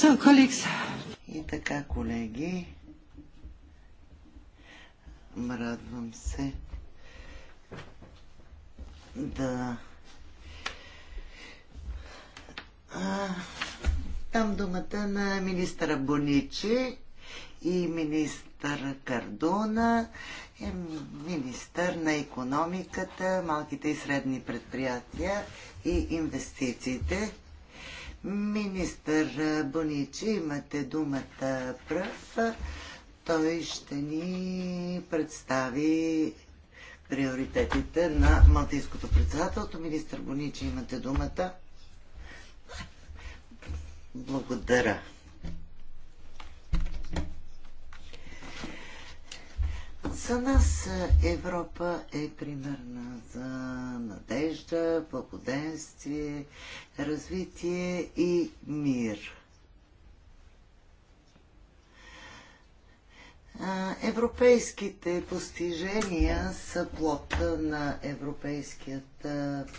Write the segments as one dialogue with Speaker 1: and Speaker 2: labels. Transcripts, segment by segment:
Speaker 1: So, colleagues. И така, колеги, радвам се да а, дам думата на министъра Боничи и министър Кардона, е министър на економиката, малките и средни предприятия и инвестициите. Министър Боничи, имате думата пръв. Той ще ни представи приоритетите на Малтийското председателство. Министър Боничи, имате думата. Благодаря. За нас е, Европа е примерна за надежда, благоденствие, развитие и мир. Европейските постижения са плод на европейският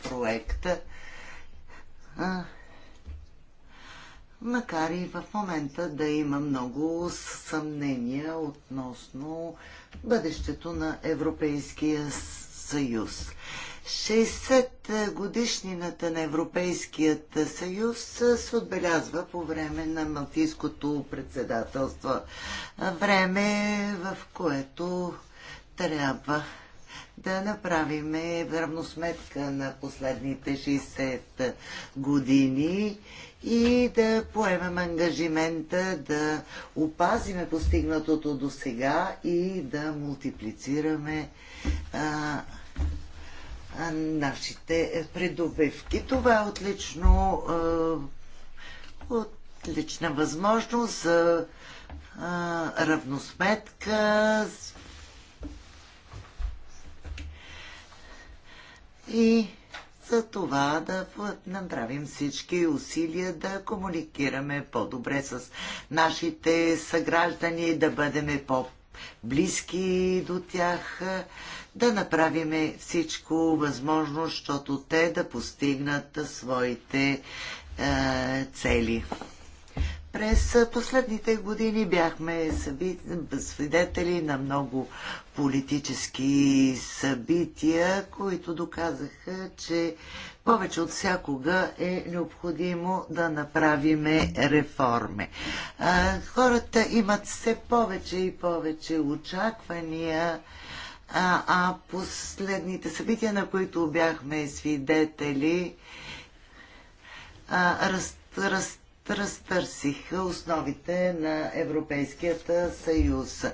Speaker 1: проект макар и в момента да има много съмнения относно бъдещето на Европейския съюз. 60 годишнината на Европейският съюз се отбелязва по време на Малтийското председателство. Време, в което трябва да направим равносметка на последните 60 години и да поемем ангажимента да опазиме постигнатото до сега и да мултиплицираме а, а, нашите предобивки. Това е отлично, а, отлична възможност за а, равносметка и за това да направим всички усилия да комуникираме по-добре с нашите съграждани, да бъдем по-близки до тях, да направим всичко възможно, защото те да постигнат своите е, цели. През последните години бяхме свидетели на много политически събития, които доказаха, че повече от всякога е необходимо да направиме реформи. Хората имат все повече и повече очаквания, а, а последните събития, на които бяхме свидетели, раз, раз, разтърсих основите на Европейският съюз. Е,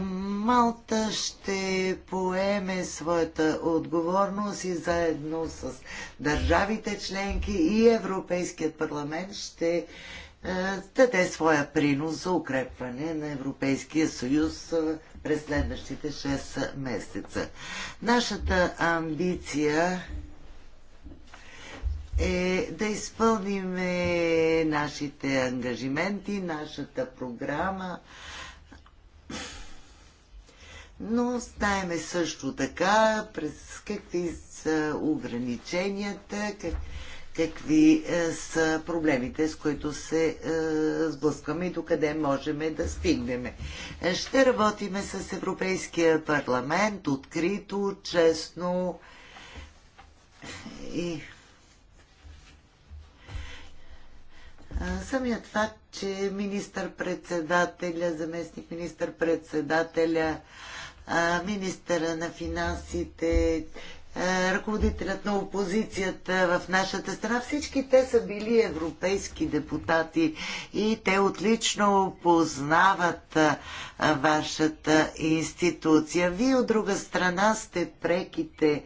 Speaker 1: Малта ще поеме своята отговорност и заедно с държавите членки и Европейският парламент ще е, даде своя принос за укрепване на Европейския съюз е, през следващите 6 месеца. Нашата амбиция е да изпълним нашите ангажименти, нашата програма. Но знаеме също така през какви са ограниченията, как, какви е, са проблемите, с които се е, сблъскваме и докъде можем да стигнем. Ще работиме с Европейския парламент открито, честно и Самият факт, че министър-председателя, заместник министър-председателя, министъра на финансите, ръководителят на опозицията в нашата страна, всички те са били европейски депутати и те отлично познават вашата институция. Вие от друга страна сте преките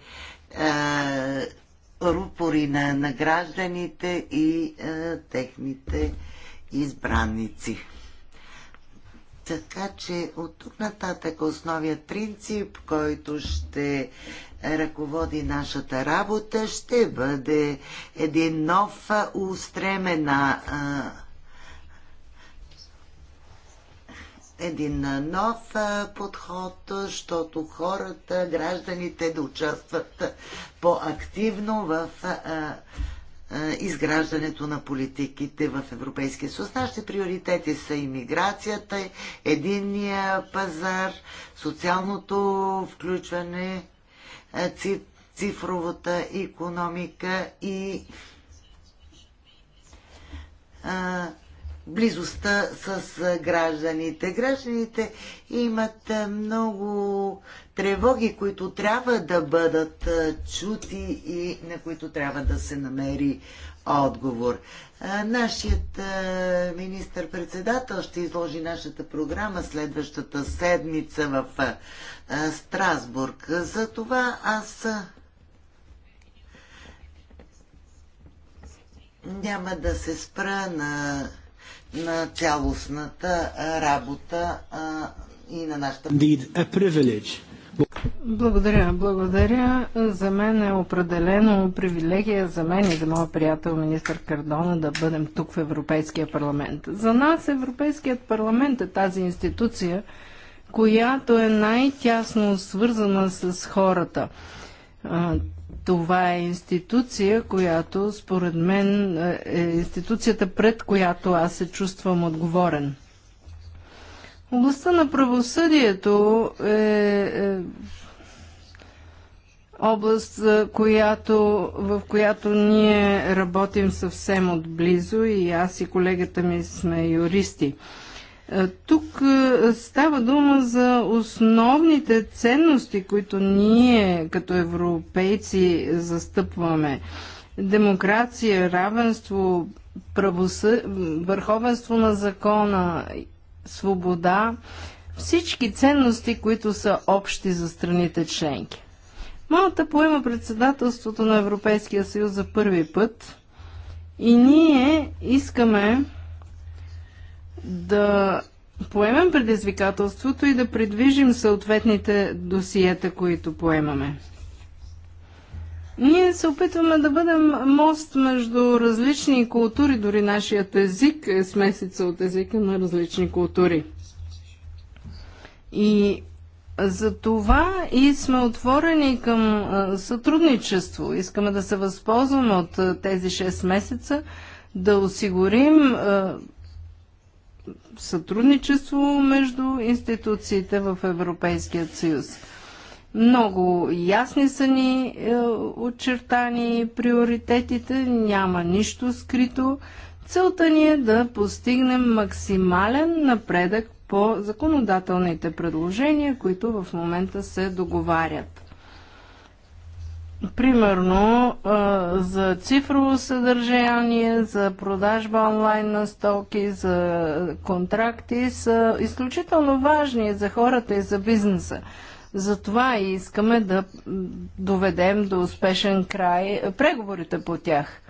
Speaker 1: рупори на, на гражданите и е, техните избранници. Така че от тук нататък основният принцип, който ще ръководи нашата работа, ще бъде един нов е, устремена. е, един нов подход, защото хората, гражданите да участват по-активно в изграждането на политиките в Европейския съюз. Нашите приоритети са иммиграцията, единния пазар, социалното включване, цифровата економика и близостта с гражданите. Гражданите имат много тревоги, които трябва да бъдат чути и на които трябва да се намери отговор. Нашият министр-председател ще изложи нашата програма следващата седмица в Страсбург. За това аз няма да се спра на на цялостната работа и на нашата...
Speaker 2: Uh, благодаря, благодаря. За мен е определено привилегия, за мен и за моя приятел министър Кардона да бъдем тук в Европейския парламент. За нас Европейският парламент е тази институция, която е най-тясно свързана с хората. Това е институция, която според мен е институцията, пред която аз се чувствам отговорен. Областта на правосъдието е, е област, която, в която ние работим съвсем отблизо и аз и колегата ми сме юристи. Е, тук е, става дума за основните ценности, които ние като европейци застъпваме. Демокрация, равенство, правосъ... върховенство на закона, свобода, всички ценности, които са общи за страните членки. Малта поема председателството на Европейския съюз за първи път и ние искаме да поемем предизвикателството и да придвижим съответните досиета, които поемаме. Ние се опитваме да бъдем мост между различни култури, дори нашият език е смесица от езика на различни култури. И за това и сме отворени към сътрудничество. Искаме да се възползваме от тези 6 месеца, да осигурим сътрудничество между институциите в Европейския съюз. Много ясни са ни е, очертани приоритетите, няма нищо скрито. Целта ни е да постигнем максимален напредък по законодателните предложения, които в момента се договарят. Примерно за цифрово съдържание, за продажба онлайн на стоки, за контракти са изключително важни за хората и за бизнеса. Затова и искаме да доведем до успешен край преговорите по тях.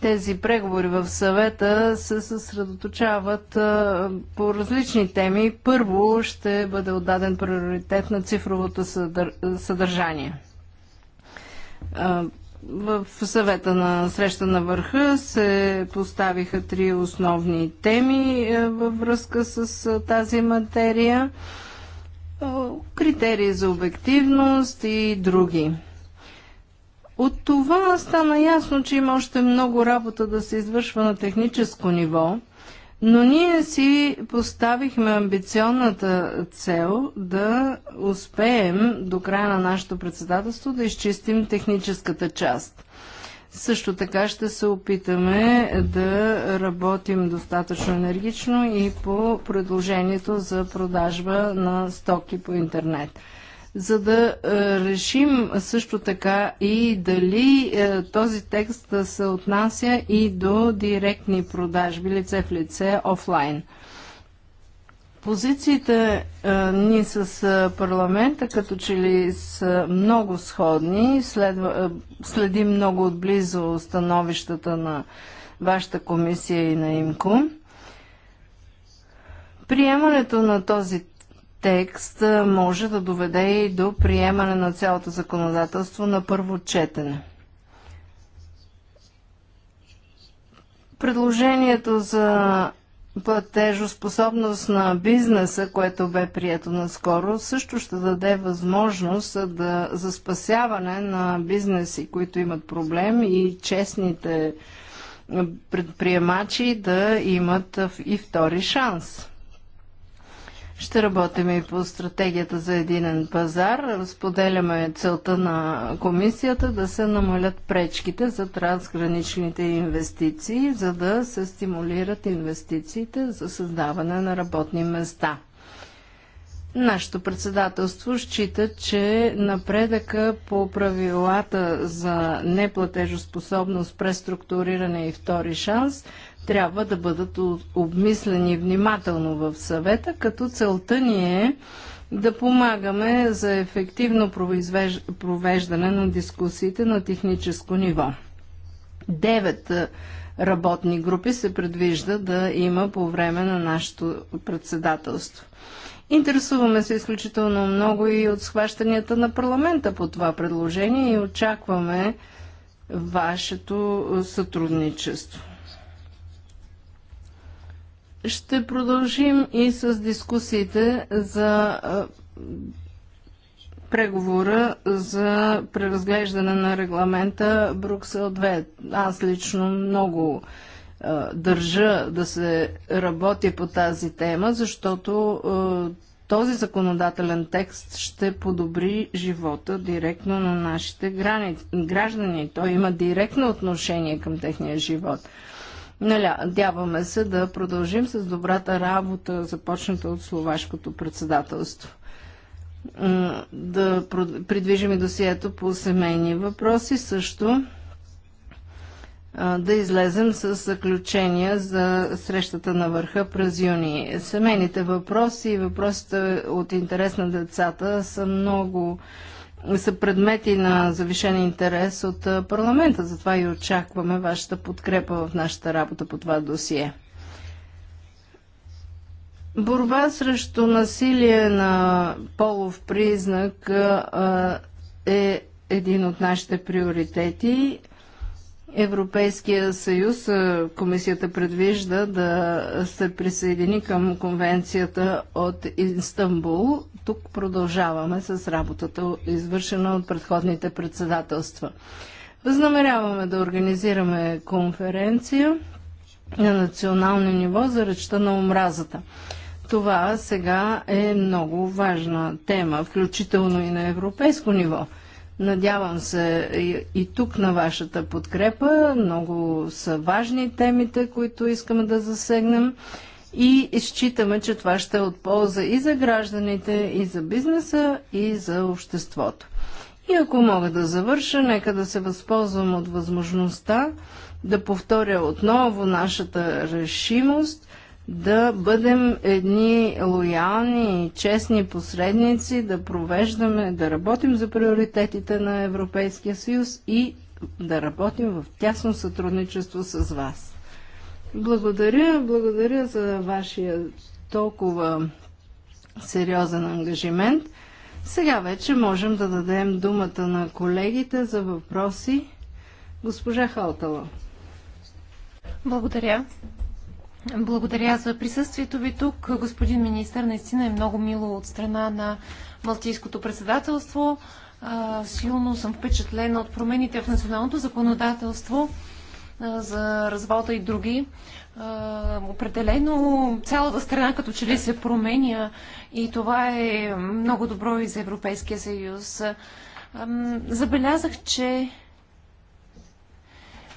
Speaker 2: Тези преговори в съвета се съсредоточават по различни теми. Първо ще бъде отдаден приоритет на цифровото съдър... съдържание. В съвета на среща на върха се поставиха три основни теми във връзка с тази материя критерии за обективност и други. От това стана ясно, че има още много работа да се извършва на техническо ниво, но ние си поставихме амбиционната цел да успеем до края на нашето председателство да изчистим техническата част. Също така ще се опитаме да работим достатъчно енергично и по предложението за продажба на стоки по интернет за да е, решим също така и дали е, този текст да се отнася и до директни продажби лице в лице офлайн. Позициите е, ни с парламента като че ли са много сходни, следим много отблизо становищата на вашата комисия и на ИМКО. Приемането на този текст може да доведе и до приемане на цялото законодателство на първо четене. Предложението за платежоспособност на бизнеса, което бе прието наскоро, също ще даде възможност да, за спасяване на бизнеси, които имат проблем и честните предприемачи да имат и втори шанс. Ще работим и по стратегията за единен пазар. Споделяме целта на комисията да се намалят пречките за трансграничните инвестиции, за да се стимулират инвестициите за създаване на работни места. Нашето председателство счита, че напредъка по правилата за неплатежоспособност, преструктуриране и втори шанс трябва да бъдат обмислени внимателно в съвета, като целта ни е да помагаме за ефективно провеждане на дискусиите на техническо ниво. Девет работни групи се предвижда да има по време на нашето председателство. Интересуваме се изключително много и от схващанията на парламента по това предложение и очакваме вашето сътрудничество. Ще продължим и с дискусиите за преговора за преразглеждане на регламента Бруксел 2. Аз лично много държа да се работи по тази тема, защото този законодателен текст ще подобри живота директно на нашите граждани. Той има директно отношение към техния живот. Надяваме се да продължим с добрата работа, започната от словашкото председателство. Да придвижим и досието по семейни въпроси също да излезем с заключения за срещата на върха през юни. Семейните въпроси и въпросите от интерес на децата са много са предмети на завишен интерес от парламента. Затова и очакваме вашата подкрепа в нашата работа по това досие. Борба срещу насилие на полов признак е един от нашите приоритети. Европейския съюз, комисията предвижда да се присъедини към конвенцията от Истанбул. Тук продължаваме с работата, извършена от предходните председателства. Възнамеряваме да организираме конференция на национално ниво за речта на омразата. Това сега е много важна тема, включително и на европейско ниво – Надявам се и, тук на вашата подкрепа. Много са важни темите, които искаме да засегнем и считаме, че това ще е от полза и за гражданите, и за бизнеса, и за обществото. И ако мога да завърша, нека да се възползвам от възможността да повторя отново нашата решимост – да бъдем едни лоялни, и честни посредници, да провеждаме, да работим за приоритетите на Европейския съюз и да работим в тясно сътрудничество с вас. Благодаря, благодаря за вашия толкова сериозен ангажимент. Сега вече можем да дадем думата на колегите за въпроси. Госпожа Халтала. Благодаря.
Speaker 3: Благодаря за присъствието ви тук, господин министър. Наистина е много мило от страна на Малтийското председателство. Силно съм впечатлена от промените в националното законодателство за развода и други. Определено цялата страна като че ли се променя и това е много добро и за Европейския съюз. Забелязах, че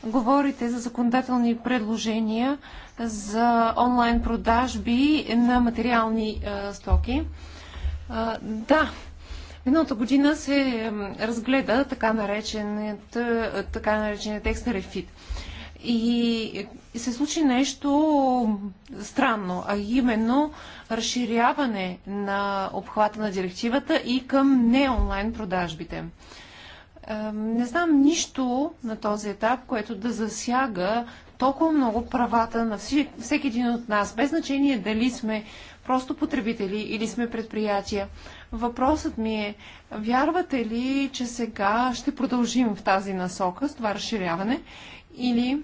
Speaker 3: говорите за законодателни предложения, за онлайн продажби на материални стоки. да, миналата година се разгледа така нареченият, така нареченият текст на Рефит. И се случи нещо странно, а именно разширяване на обхвата на директивата и към не онлайн продажбите. Не знам нищо на този етап, което да засяга толкова много правата на всеки един от нас, без значение дали сме просто потребители или сме предприятия. Въпросът ми е, вярвате ли, че сега ще продължим в тази насока с това разширяване или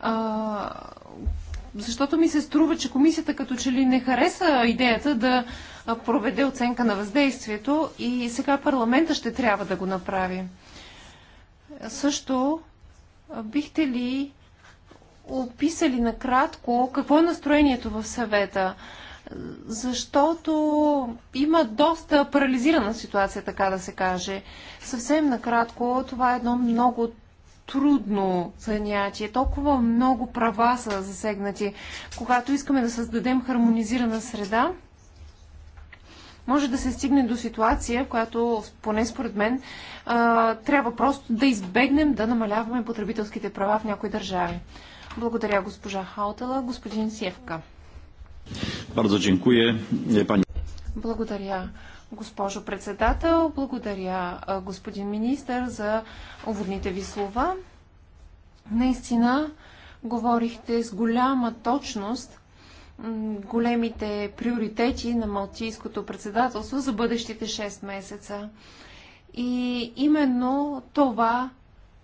Speaker 3: а, защото ми се струва, че комисията като че ли не хареса идеята да проведе оценка на въздействието и сега парламента ще трябва да го направи. Също бихте ли описали накратко какво е настроението в съвета? Защото има доста парализирана ситуация, така да се каже. Съвсем накратко, това е едно много трудно занятие. Толкова много права са засегнати. Когато искаме да създадем хармонизирана среда, може да се стигне до ситуация, в която, поне според мен, трябва просто да избегнем да намаляваме потребителските права в някои държави. Благодаря, госпожа Хаутела. Господин Севка.
Speaker 2: Е,
Speaker 3: Благодаря, госпожо председател. Благодаря, господин министър, за уводните ви слова. Наистина, говорихте с голяма точност големите приоритети на Малтийското председателство за бъдещите 6 месеца. И именно това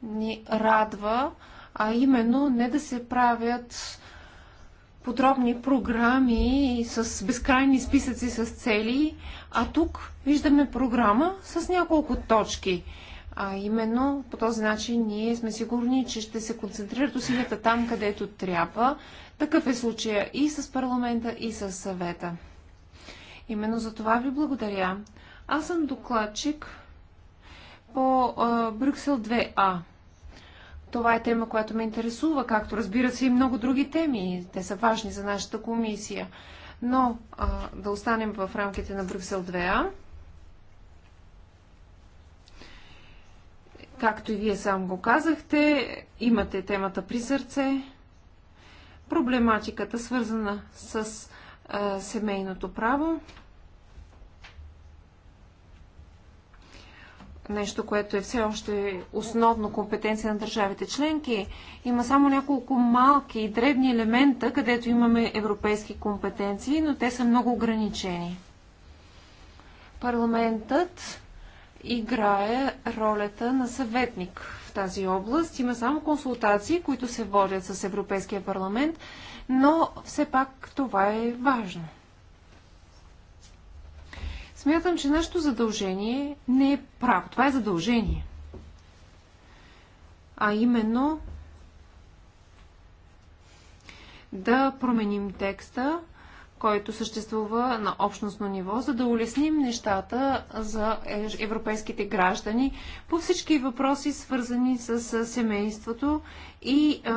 Speaker 3: ни радва, а именно не да се правят подробни програми с безкрайни списъци с цели, а тук виждаме програма с няколко точки. А именно по този начин ние сме сигурни, че ще се концентрират усилията там, където трябва, такъв е случая и с парламента, и с съвета. Именно за това ви благодаря. Аз съм докладчик по а, Брюксел 2А. Това е тема, която ме интересува, както разбира се и много други теми. Те са важни за нашата комисия. Но а, да останем в рамките на Брюксел 2А. Както и вие сам го казахте, имате темата при сърце проблематиката, свързана с а, семейното право. Нещо, което е все още основно компетенция на държавите членки. Има само няколко малки и дребни елемента, където имаме европейски компетенции, но те са много ограничени. Парламентът играе ролята на съветник в тази област. Има само консултации, които се водят с Европейския парламент, но все пак това е важно. Смятам, че нашето задължение не е право. Това е задължение. А именно да променим текста който съществува на общностно ниво, за да улесним нещата за е, европейските граждани по всички въпроси, свързани с семейството и а,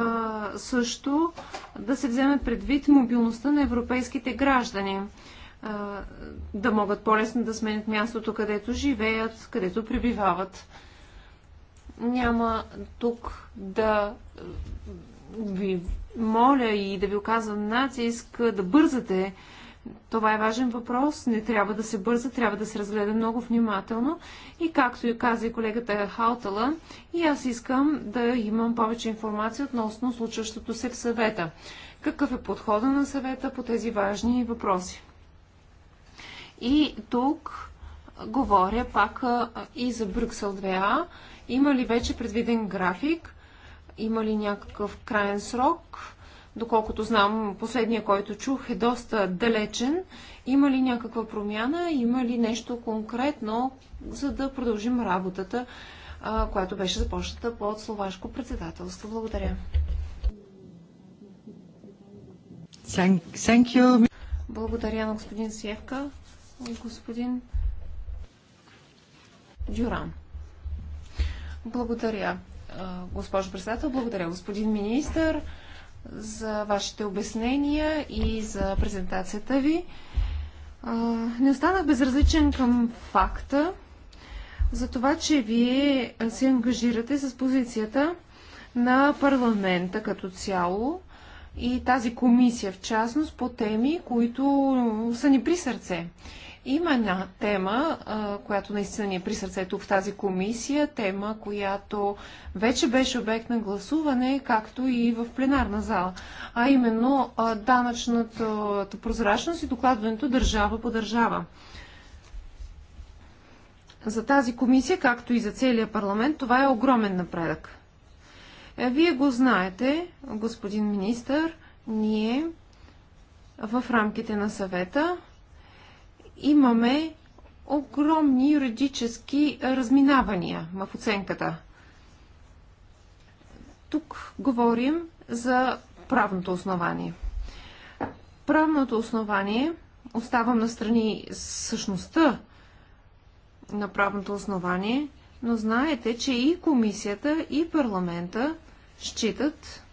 Speaker 3: също да се вземе предвид мобилността на европейските граждани да могат по-лесно да сменят мястото, където живеят, където пребивават. Няма тук да ви моля и да ви оказвам натиск да бързате. Това е важен въпрос. Не трябва да се бърза, трябва да се разгледа много внимателно. И както и каза и колегата Хаутала, и аз искам да имам повече информация относно случващото се в съвета. Какъв е подхода на съвета по тези важни въпроси? И тук говоря пак и за Брюксел 2А. Има ли вече предвиден график има ли някакъв крайен срок? Доколкото знам, последния, който чух е доста далечен. Има ли някаква промяна? Има ли нещо конкретно, за да продължим работата, която беше започната под словашко председателство? Благодаря.
Speaker 1: Thank you.
Speaker 3: Благодаря на господин Севка и господин Дюран. Благодаря госпожо председател. Благодаря, господин министър, за вашите обяснения и за презентацията ви. Не останах безразличен към факта, за това, че вие се ангажирате с позицията на парламента като цяло и тази комисия в частност по теми, които са ни при сърце. Има една тема, която наистина ни е при сърцето в тази комисия, тема, която вече беше обект на гласуване, както и в пленарна зала, а именно данъчната прозрачност и докладването държава по държава. За тази комисия, както и за целия парламент, това е огромен напредък. Е, вие го знаете, господин министър, ние в рамките на съвета имаме огромни юридически разминавания в оценката. Тук говорим за правното основание. Правното основание, оставам на страни същността на правното основание, но знаете, че и комисията, и парламента считат,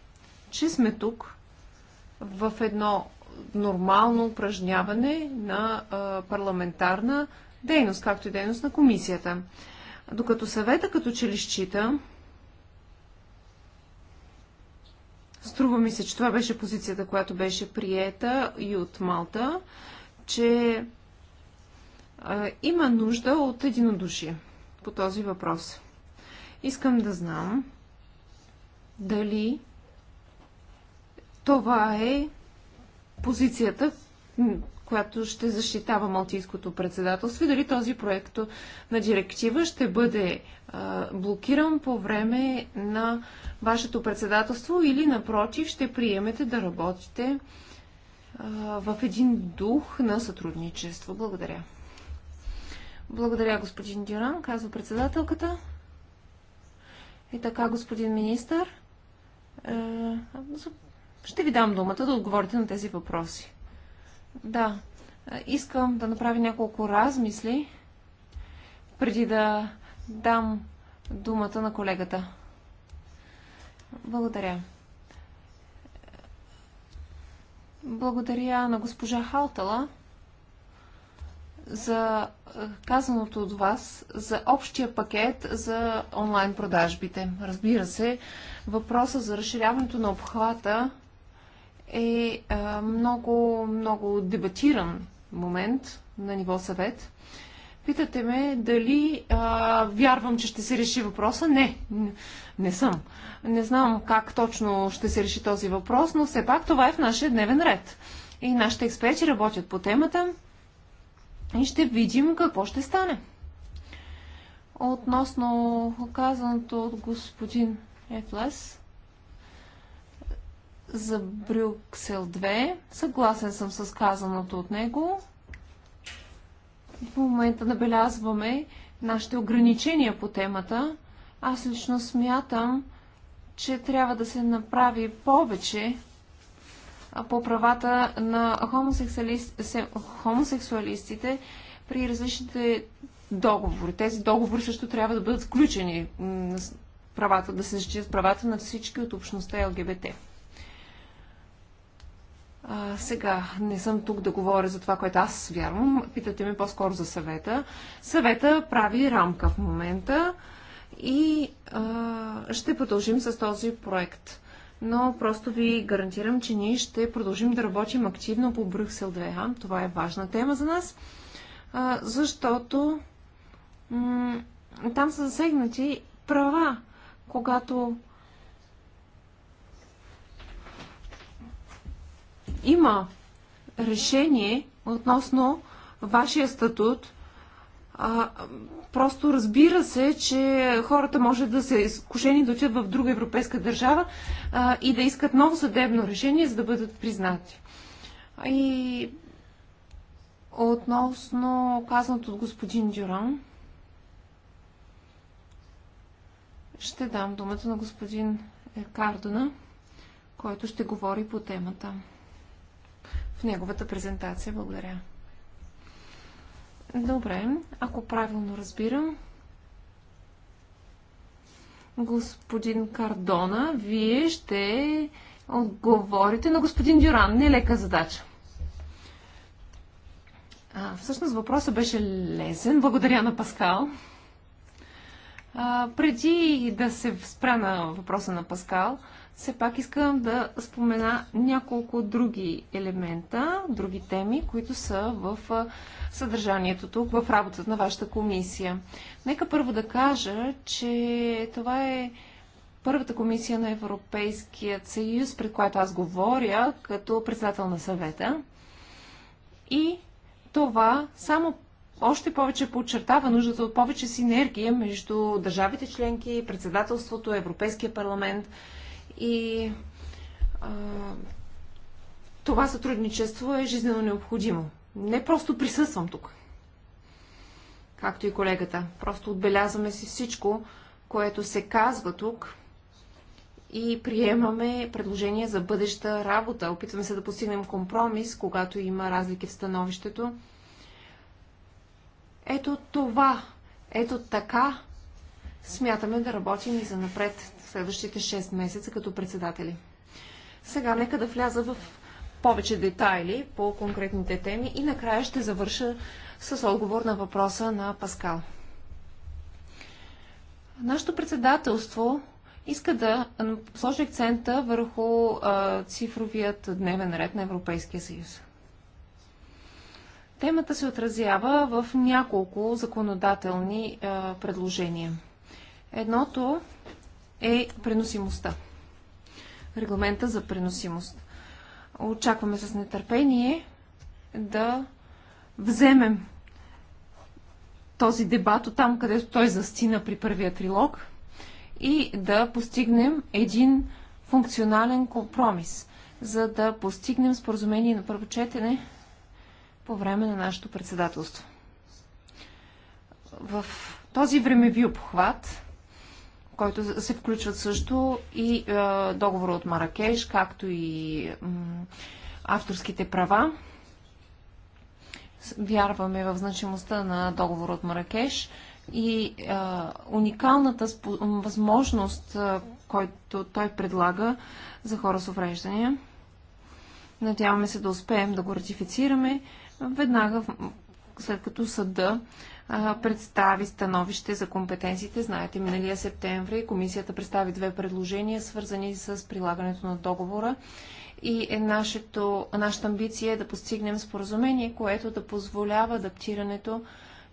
Speaker 3: че сме тук в едно нормално упражняване на парламентарна дейност, както и дейност на комисията. Докато съвета като че ли счита, струва ми се, че това беше позицията, която беше приета и от Малта, че има нужда от единодушие по този въпрос. Искам да знам дали това е позицията, която ще защитава Малтийското председателство и дали този проект на директива ще бъде блокиран по време на вашето председателство или напротив ще приемете да работите в един дух на сътрудничество. Благодаря. Благодаря, господин Дюран, казва председателката. И така, господин министър, е, ще ви дам думата да отговорите на тези въпроси. Да, искам да направя няколко размисли преди да дам думата на колегата. Благодаря. Благодаря на госпожа Халтала за казаното от вас за общия пакет за онлайн продажбите. Разбира се, въпроса за разширяването на обхвата е много, много дебатиран момент на ниво съвет. Питате ме дали а, вярвам, че ще се реши въпроса. Не, не съм. Не знам как точно ще се реши този въпрос, но все пак това е в нашия дневен ред. И нашите експерти работят по темата и ще видим какво ще стане. Относно казаното от господин Ефлес, за Брюксел 2. Съгласен съм с казаното от него. В момента набелязваме нашите ограничения по темата. Аз лично смятам, че трябва да се направи повече по правата на хомосексуалистите, при различните договори. Тези договори също трябва да бъдат включени правата, да се защитят правата на всички от общността ЛГБТ. А, сега не съм тук да говоря за това, което аз вярвам. Питате ме по-скоро за съвета. Съвета прави рамка в момента и а, ще продължим с този проект. Но просто ви гарантирам, че ние ще продължим да работим активно по Брюксел 2. Това е важна тема за нас, а, защото там са засегнати права, когато има решение относно вашия статут. А, просто разбира се, че хората може да се изкушени да отидат в друга европейска държава а, и да искат ново съдебно решение, за да бъдат признати. И относно казаното от господин Дюран, ще дам думата на господин Кардона, който ще говори по темата неговата презентация. Благодаря. Добре, ако правилно разбирам, господин Кардона, вие ще отговорите на господин Дюран. Нелека е задача. А, всъщност въпросът беше лесен. Благодаря на Паскал. А, преди да се спра на въпроса на Паскал, все пак искам да спомена няколко други елемента, други теми, които са в съдържанието тук, в работата на вашата комисия. Нека първо да кажа, че това е първата комисия на Европейският съюз, пред която аз говоря като председател на съвета. И това само още повече подчертава нуждата от повече синергия между държавите членки, председателството, Европейския парламент – и а, това сътрудничество е жизненно необходимо. Не просто присъствам тук, както и колегата. Просто отбелязваме си всичко, което се казва тук и приемаме предложение за бъдеща работа. Опитваме се да постигнем компромис, когато има разлики в становището. Ето това, ето така смятаме да работим и за напред следващите 6 месеца като председатели. Сега нека да вляза в повече детайли по конкретните теми и накрая ще завърша с отговор на въпроса на Паскал. Нашето председателство иска да сложи акцента върху а, цифровият дневен ред на Европейския съюз. Темата се отразява в няколко законодателни а, предложения. Едното е преносимостта. Регламента за преносимост. Очакваме с нетърпение да вземем този дебат от там, където той застина при първия трилог и да постигнем един функционален компромис, за да постигнем споразумение на първо четене по време на нашето председателство. В този времеви обхват който се включват също и е, договора от Маракеш, както и авторските права. Вярваме в значимостта на договора от Маракеш и а, е, уникалната спо... възможност, а, е, който той предлага за хора с увреждания. Надяваме се да успеем да го ратифицираме веднага след като съда представи становище за компетенциите. Знаете, миналия септември комисията представи две предложения, свързани с прилагането на договора. И е нашето, нашата амбиция е да постигнем споразумение, което да позволява адаптирането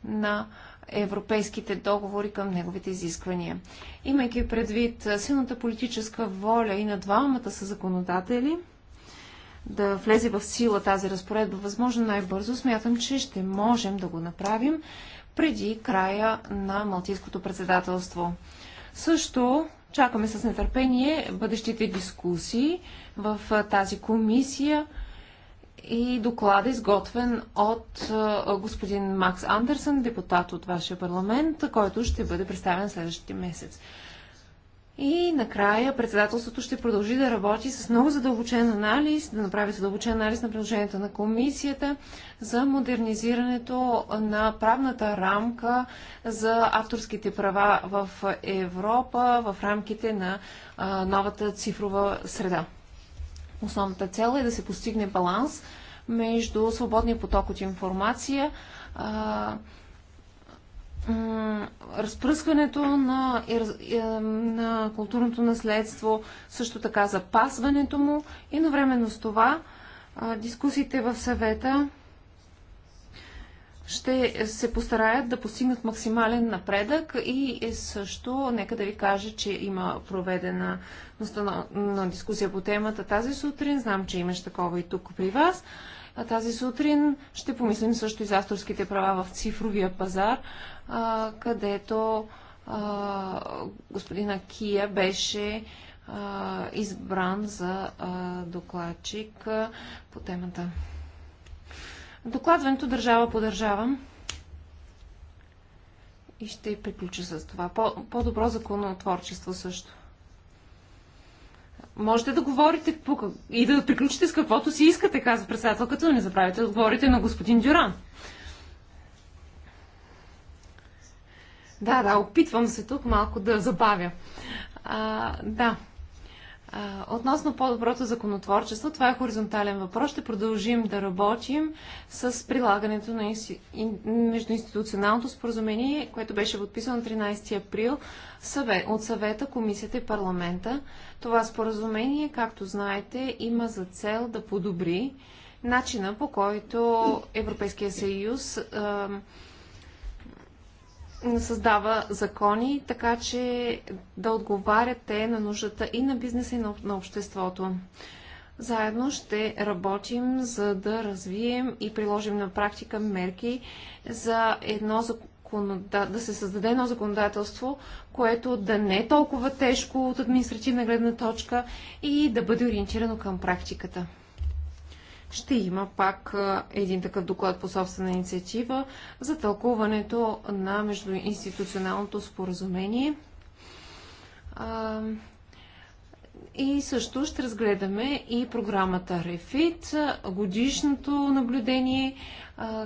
Speaker 3: на европейските договори към неговите изисквания. Имайки предвид силната политическа воля и на двамата са законодатели, да влезе в сила тази разпоредба възможно най-бързо, смятам, че ще можем да го направим преди края на Малтийското председателство. Също чакаме с нетърпение бъдещите дискусии в тази комисия и доклада, изготвен от господин Макс Андерсън, депутат от вашия парламент, който ще бъде представен следващия месец. И накрая председателството ще продължи да работи с много задълбочен анализ, да направи задълбочен анализ на предложенията на комисията за модернизирането на правната рамка за авторските права в Европа в рамките на а, новата цифрова среда. Основната цел е да се постигне баланс между свободния поток от информация, а, разпръскването на, на културното наследство, също така запасването му и едновременно с това дискусиите в съвета ще се постараят да постигнат максимален напредък и е, също, нека да ви кажа, че има проведена на дискусия по темата тази сутрин. Знам, че имаш такова и тук при вас. А тази сутрин ще помислим също и за авторските права в цифровия пазар, а, където а, господина Кия беше а, избран за а, докладчик а, по темата. Докладването държава по държава. И ще приключа с това. По- по-добро законотворчество също. Можете да говорите и да приключите с каквото си искате, казва председателката, но не забравяйте да говорите на господин Дюран. Да, да, опитвам се тук малко да забавя. А, да. Относно по-доброто законотворчество, това е хоризонтален въпрос. Ще продължим да работим с прилагането на междуинституционалното споразумение, което беше подписано на 13 април от съвета, комисията и парламента. Това споразумение, както знаете, има за цел да подобри начина по който Европейския съюз създава закони, така че да отговарят те на нуждата и на бизнеса, и на обществото. Заедно ще работим, за да развием и приложим на практика мерки за едно да се създаде едно законодателство, което да не е толкова тежко от административна гледна точка и да бъде ориентирано към практиката ще има пак един такъв доклад по собствена инициатива за тълкуването на междуинституционалното споразумение. И също ще разгледаме и програмата Рефит, годишното наблюдение,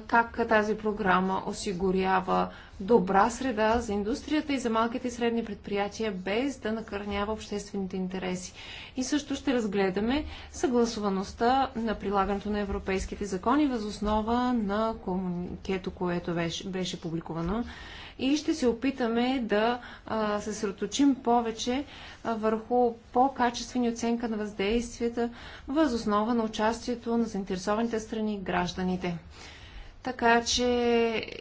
Speaker 3: как тази програма осигурява добра среда за индустрията и за малките и средни предприятия, без да накърнява обществените интереси. И също ще разгледаме съгласуваността на прилагането на европейските закони възоснова на комуникето, което беше, беше публикувано и ще се опитаме да се съсредоточим повече върху по-качествени оценка на въздействията въз основа на участието на заинтересованите страни и гражданите. Така че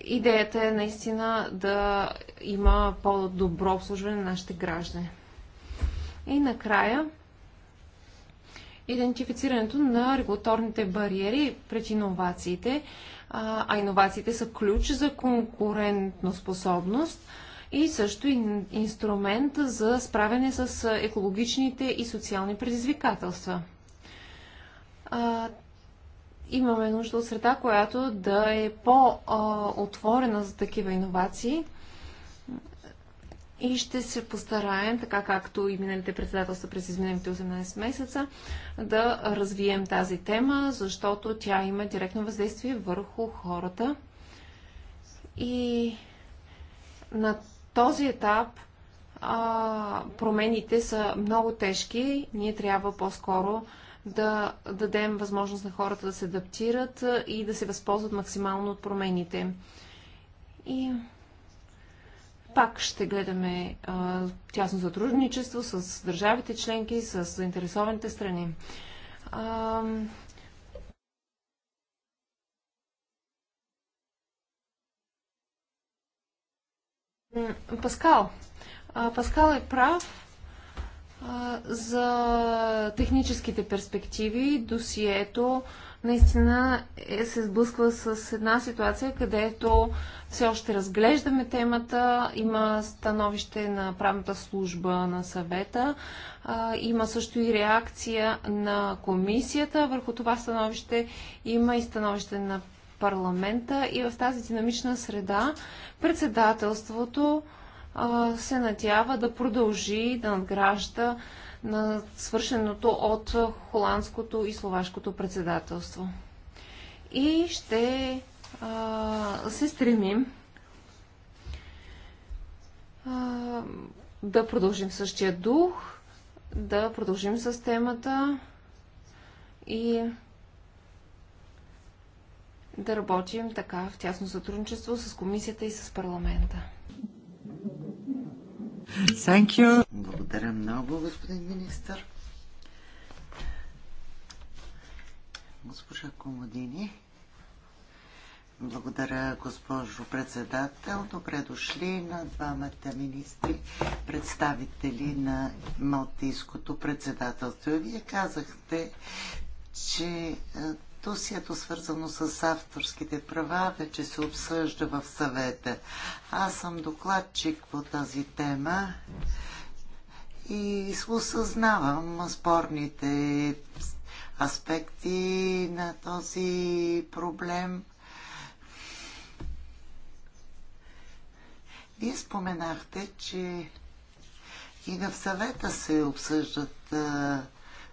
Speaker 3: идеята е наистина да има по-добро обслужване на нашите граждани. И накрая, идентифицирането на регулаторните бариери пред иновациите а иновациите са ключ за конкурентноспособност способност и също инструмент за справяне с екологичните и социални предизвикателства. А, имаме нужда от среда, която да е по-отворена за такива иновации – и ще се постараем, така както и миналите председателства през изминалите 18 месеца, да развием тази тема, защото тя има директно въздействие върху хората. И на този етап а, промените са много тежки. Ние трябва по-скоро да дадем възможност на хората да се адаптират и да се възползват максимално от промените. И пак ще гледаме а, тясно сътрудничество с държавите членки, с заинтересованите страни. А, Паскал. А, Паскал е прав а, за техническите перспективи. Досието наистина е, се сблъсква с една ситуация, където все още разглеждаме темата. Има становище на правната служба на съвета. А, има също и реакция на комисията върху това становище. Има и становище на парламента. И в тази динамична среда председателството а, се надява да продължи да надгражда на свършеното от холандското и словашкото председателство. И ще а, се стремим а, да продължим същия дух, да продължим с темата и да работим така в тясно сътрудничество с комисията и с парламента.
Speaker 1: Thank you. Благодаря много, господин министър. Госпожа Комодини. Благодаря, госпожо председател. Добре дошли на двамата министри, представители на Малтийското председателство. Вие казахте, че Досието, свързано с авторските права, вече се обсъжда в съвета. Аз съм докладчик по тази тема и осъзнавам спорните аспекти на този проблем. Вие споменахте, че и в съвета се обсъждат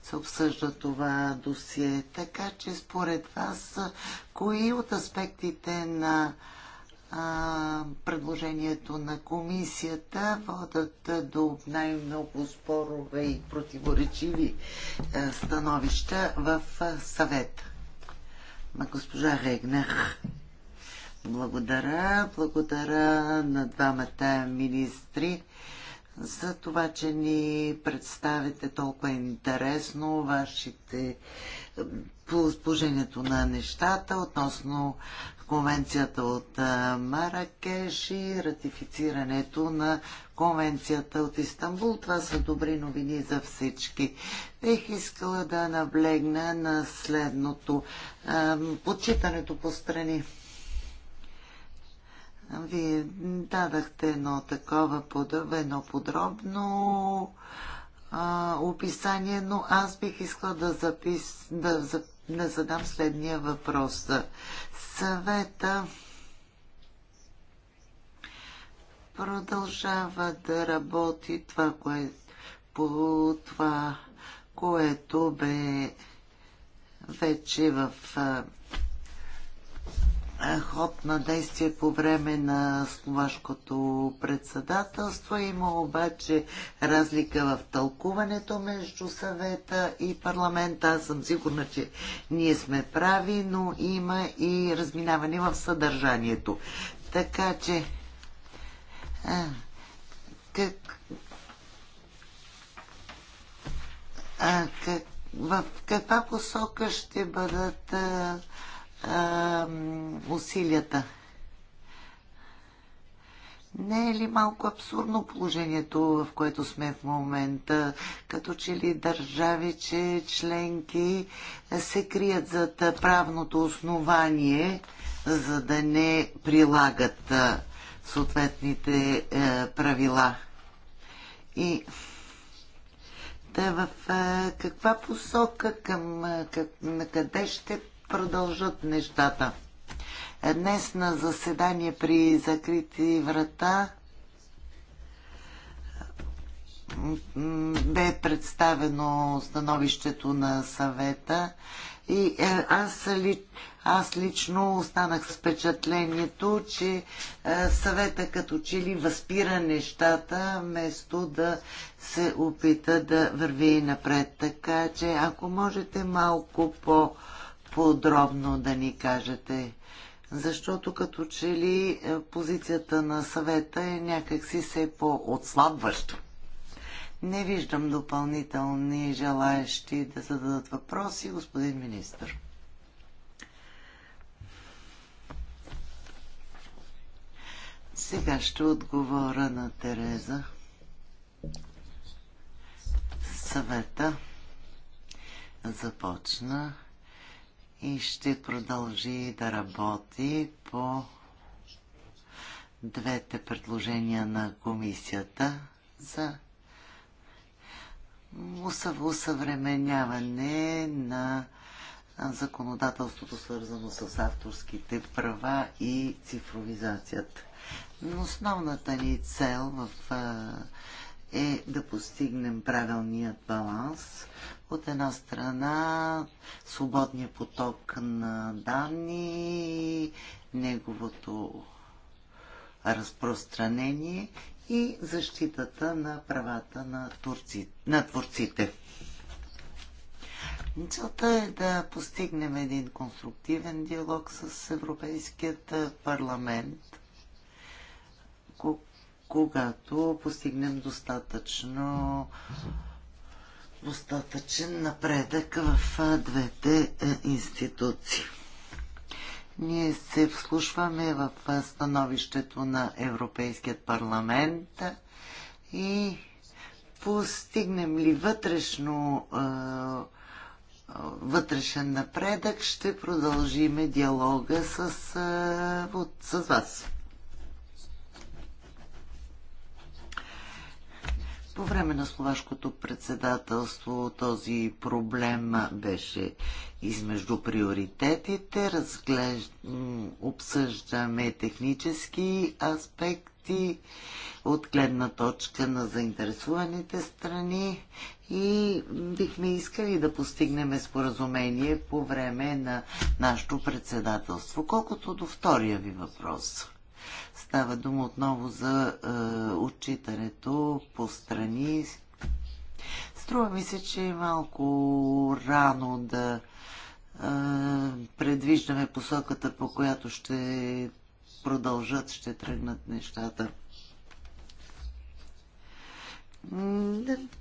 Speaker 1: се обсъжда това досие. Така че според вас, кои от аспектите на а, предложението на комисията водат до най-много спорове и противоречиви а, становища в а, съвета? Ма госпожа Регнах. Благодаря, благодаря на двамата министри за това, че ни представите толкова интересно вашите положението на нещата относно конвенцията от Маракеш и ратифицирането на конвенцията от Истанбул. Това са добри новини за всички. Бих искала да наблегна на следното. Почитането по страни. Вие дадахте едно такова едно подробно а, описание, но аз бих искала да, запис, да, да задам следния въпрос. Съвета продължава да работи това, кое, по това, което бе вече в а, ход на действие по време на словашкото председателство. Има обаче разлика в тълкуването между съвета и парламента. Аз съм сигурна, че ние сме прави, но има и разминаване в съдържанието. Така че, а, как, а, как, в каква посока ще бъдат а, а, усилията. Не е ли малко абсурдно положението, в което сме в момента? Като че ли държави, че членки се крият зад правното основание, за да не прилагат съответните е, правила? И да в е, каква посока, към, е, към, на къде ще продължат нещата. Днес на заседание при закрити врата бе представено становището на съвета и е, аз, ли, аз лично останах с впечатлението, че е, съвета като че ли възпира нещата, вместо да се опита да върви напред. Така че ако можете малко по- по-подробно да ни кажете? Защото като че ли е, позицията на съвета е някакси все по-отслабваща. Не виждам допълнителни желаящи да зададат въпроси, господин министр. Сега ще отговоря на Тереза. Съвета започна и ще продължи да работи по двете предложения на комисията за усъвременяване на законодателството, свързано с авторските права и цифровизацията. Но основната ни цел в е да постигнем правилният баланс. От една страна свободния поток на данни, неговото разпространение и защитата на правата на, турци, на творците. Целта е да постигнем един конструктивен диалог с Европейският парламент когато постигнем достатъчно достатъчен напредък в двете е, институции. Ние се вслушваме в становището на Европейският парламент и постигнем ли вътрешно вътрешен напредък, ще продължиме диалога с, с вас. По време на словашкото председателство този проблем беше измежду приоритетите. Разглеж... Обсъждаме технически аспекти от гледна точка на заинтересуваните страни и бихме искали да постигнем споразумение по време на нашето председателство. Колкото до втория ви въпрос. Става дума отново за е, отчитането по страни. Струва ми се, че е малко рано да е, предвиждаме посоката, по която ще продължат, ще тръгнат нещата.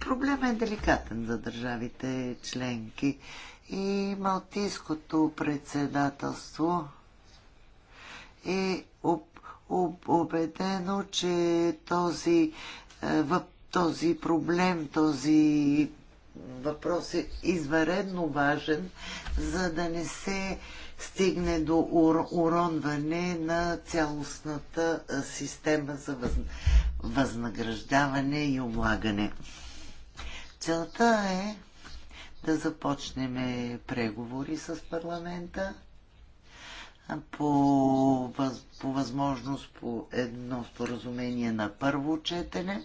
Speaker 1: Проблемът е деликатен за държавите членки и Малтийското председателство е оп убедено, че този, е, този проблем, този въпрос е изваредно важен, за да не се стигне до уронване на цялостната е, система за възнаграждаване и облагане. Целта е да започнем преговори с парламента по, по възможност по едно споразумение на първо четене,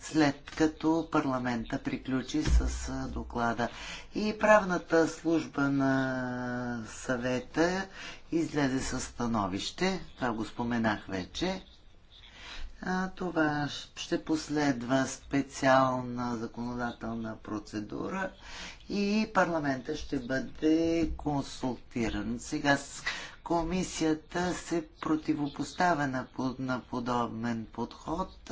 Speaker 1: след като парламента приключи с доклада. И правната служба на съвета излезе със становище, това го споменах вече, това ще последва специална законодателна процедура и парламента ще бъде консултиран. Сега комисията се противопоставя на, на подобен подход,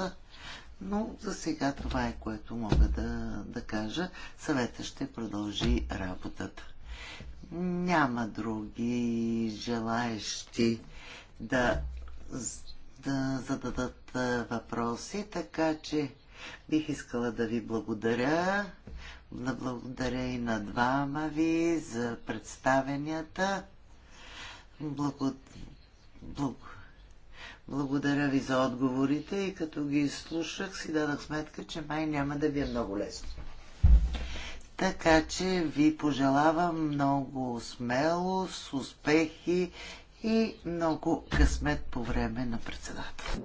Speaker 1: но за сега това е което мога да, да кажа. Съвета ще продължи работата. Няма други желаещи да да зададат е, въпроси, така че бих искала да ви благодаря. Да благодаря и на двама ви за представенията. Благодаря ви за отговорите и като ги слушах си дадах сметка, че май няма да ви е много лесно. Така че ви пожелавам много смелост, успехи и много късмет по време на председател.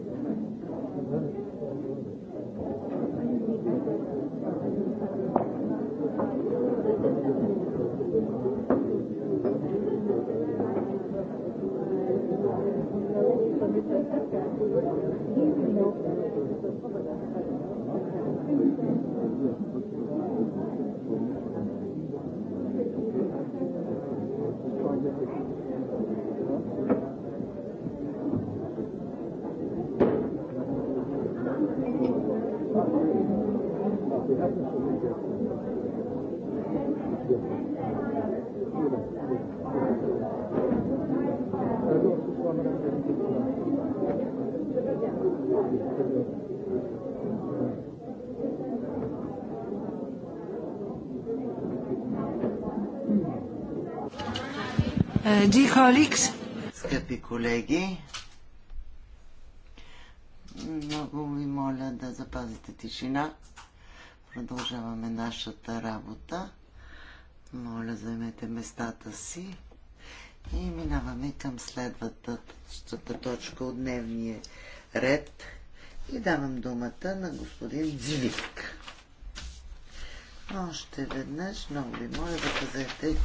Speaker 1: Скъпи колеги, много ви моля да запазите тишина. Продължаваме нашата работа. Моля, займете местата си. И минаваме към следващата точка от дневния ред. И давам думата на господин Дзивик. Още веднъж много ви моля да пазете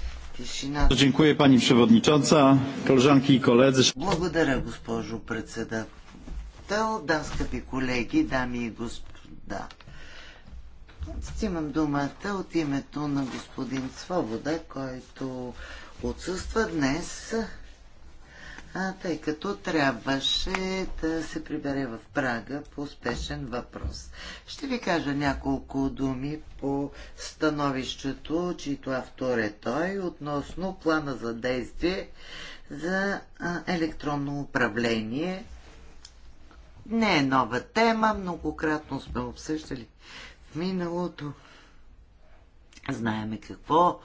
Speaker 1: благодаря, госпожо председател. Да, скъпи колеги, дами и господа. Взимам думата от името на господин Свобода, който отсъства днес тъй като трябваше да се прибере в Прага по успешен въпрос. Ще ви кажа няколко думи по становището, чието автор е той, относно плана за действие за електронно управление. Не е нова тема, многократно сме обсъждали в миналото. Знаеме какво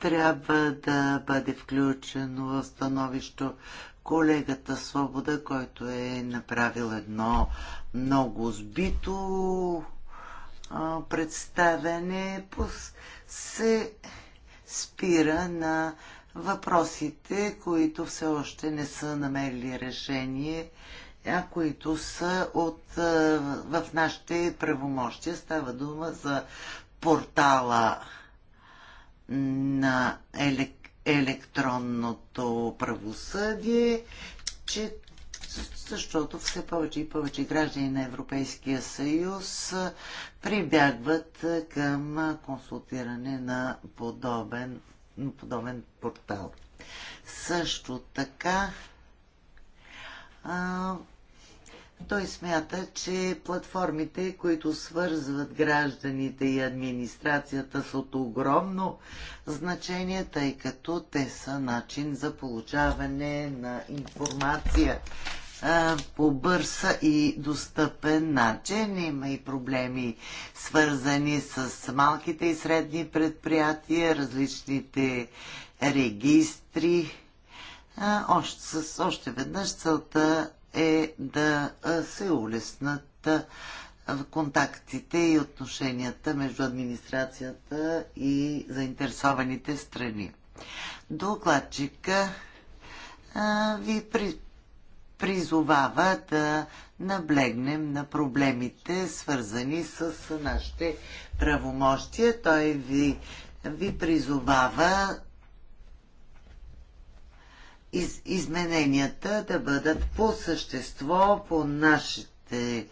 Speaker 1: трябва да бъде включено в становището колегата Свобода, който е направил едно много сбито представене, се спира на въпросите, които все още не са намерили решение, а които са от, в нашите правомощия. Става дума за портала на електронни електронното правосъдие, че защото все повече и повече граждани на Европейския съюз прибягват към консултиране на подобен, подобен портал. Също така а, той смята, че платформите, които свързват гражданите и администрацията са от огромно значение, тъй като те са начин за получаване на информация по бърз и достъпен начин. Има и проблеми свързани с малките и средни предприятия, различните регистри. Още, с, още веднъж целта е да се улеснат контактите и отношенията между администрацията и заинтересованите страни. Докладчика ви призовава да наблегнем на проблемите, свързани с нашите правомощия. Той ви, ви призовава из, измененията да бъдат по същество, по нашите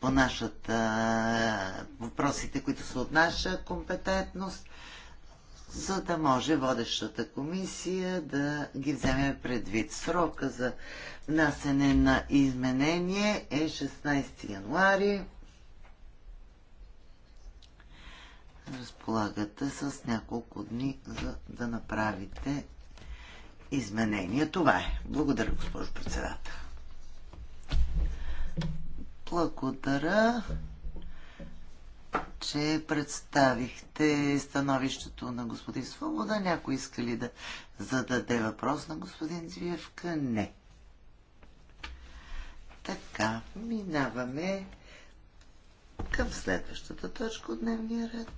Speaker 1: по нашата въпросите, които са от наша компетентност, за да може водещата комисия да ги вземе предвид. Срока за внасене на изменение е 16 януари. Разполагате с няколко дни, за да направите изменения. Това е. Благодаря, госпожо председател. Благодаря, че представихте становището на господин Свобода. Някой иска ли да зададе въпрос на господин Звиевка? Не. Така, минаваме към следващата точка от дневния ред.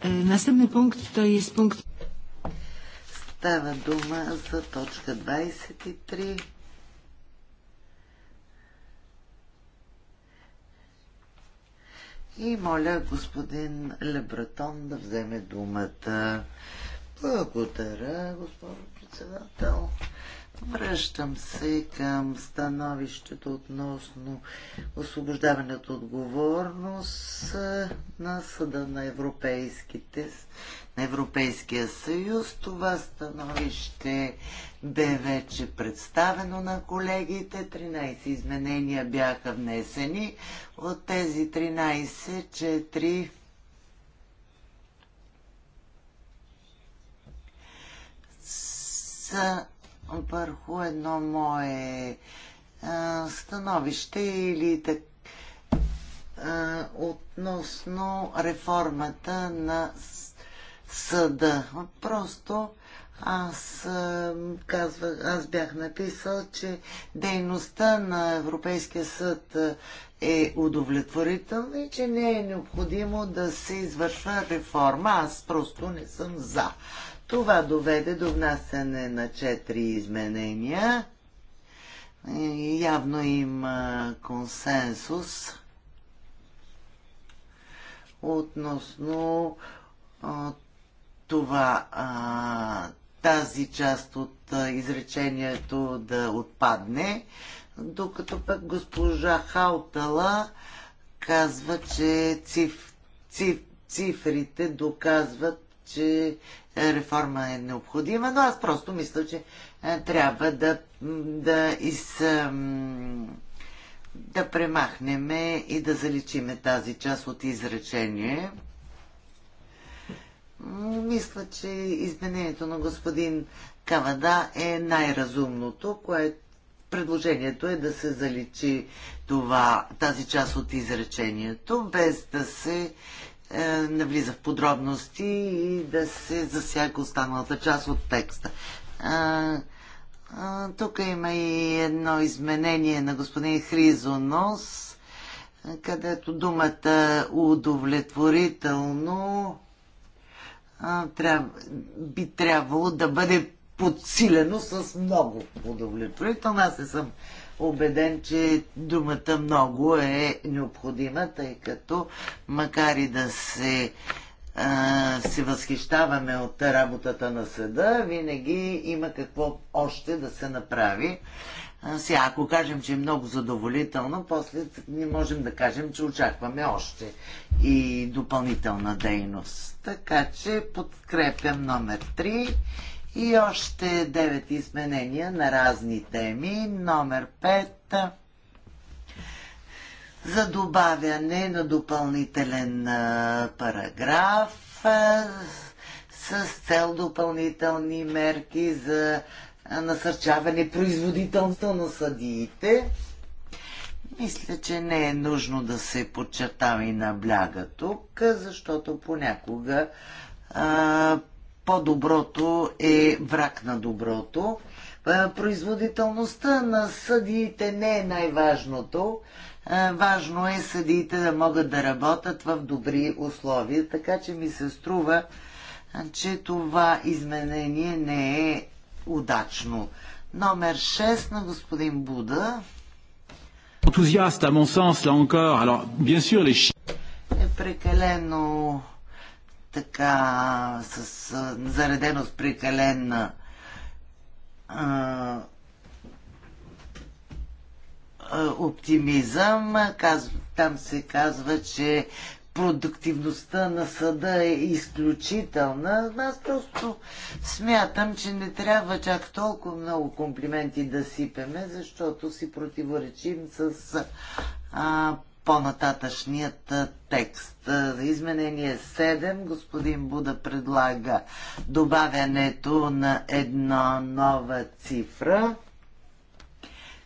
Speaker 1: Następny е, пункт to jest е пункт. Става дума за точка 23. И моля господин Лебратон да вземе думата. Благодаря, госпожо председател. Връщам се към становището относно освобождаването от отговорност на Съда на, европейските, на Европейския съюз. Това становище бе вече представено на колегите. 13 изменения бяха внесени. От тези 13, 4 са върху едно мое а, становище или так, а, относно реформата на съда. Просто аз казвах, аз бях написал, че дейността на Европейския съд е удовлетворителна и че не е необходимо да се извършва реформа. Аз просто не съм за. Това доведе до внасяне на четири изменения. Явно има консенсус относно това а, тази част от изречението да отпадне, докато пък госпожа Халтала казва, че циф, циф, цифрите доказват че е, реформа е необходима, но аз просто мисля, че е, трябва да, да, из, да премахнем и да заличиме тази част от изречение. Мисля, че изменението на господин Кавада е най-разумното, което предложението е да се заличи това, тази част от изречението, без да се е, навлиза в подробности и да се засяга останалата част от текста. А, а, тук има и едно изменение на господин Хризонос, където думата удовлетворително а, тряб, би трябвало да бъде подсилено с много удовлетворително. Аз не съм убеден, че думата много е необходима, тъй като макар и да се а, се възхищаваме от работата на съда, винаги има какво още да се направи. А, сега, ако кажем, че е много задоволително, после не можем да кажем, че очакваме още и допълнителна дейност. Така че подкрепям номер 3 и още 9 изменения на разни теми. Номер 5 за добавяне на допълнителен параграф с цел допълнителни мерки за насърчаване производителността на съдиите. Мисля, че не е нужно да се подчертава и набляга тук, защото понякога а, по-доброто е враг на доброто. Е, производителността на съдиите не е най-важното. Е, важно е съдиите да могат да работят в добри условия, така че ми се струва, е, че това изменение не е удачно. Номер 6 на господин Буда.
Speaker 2: Ентузиаст, à mon sens, là encore. Alors, bien sûr, les...
Speaker 1: Е прекалено така с, зареденост с прекалена а, оптимизъм. Каз, там се казва, че продуктивността на съда е изключителна. Аз просто смятам, че не трябва чак толкова много комплименти да сипеме, защото си противоречим с а, по-нататъчният текст. Изменение 7. Господин Буда предлага добавянето на една нова цифра.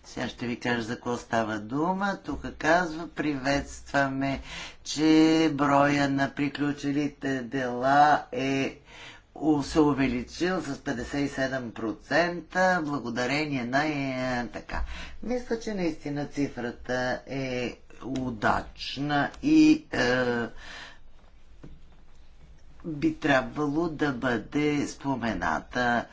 Speaker 1: Сега ще ви кажа за какво става дума. Тук казва, приветстваме, че броя на приключилите дела е се увеличил с 57% благодарение на е, е, така. Мисля, че наистина цифрата е удачна и е, би трябвало да бъде спомената.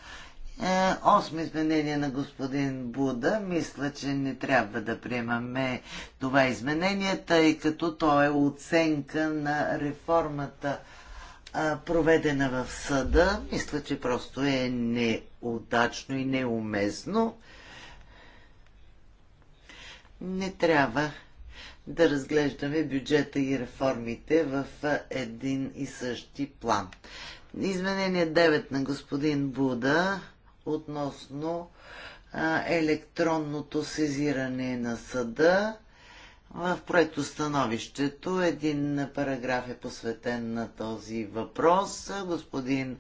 Speaker 1: Е, осмо изменение на господин Буда. Мисля, че не трябва да приемаме това изменение, тъй като то е оценка на реформата, е, проведена в съда. Мисля, че просто е неудачно и неуместно. Не трябва да разглеждаме бюджета и реформите в един и същи план. Изменение 9 на господин Буда относно електронното сезиране на съда. В проекто становището един параграф е посветен на този въпрос. Господин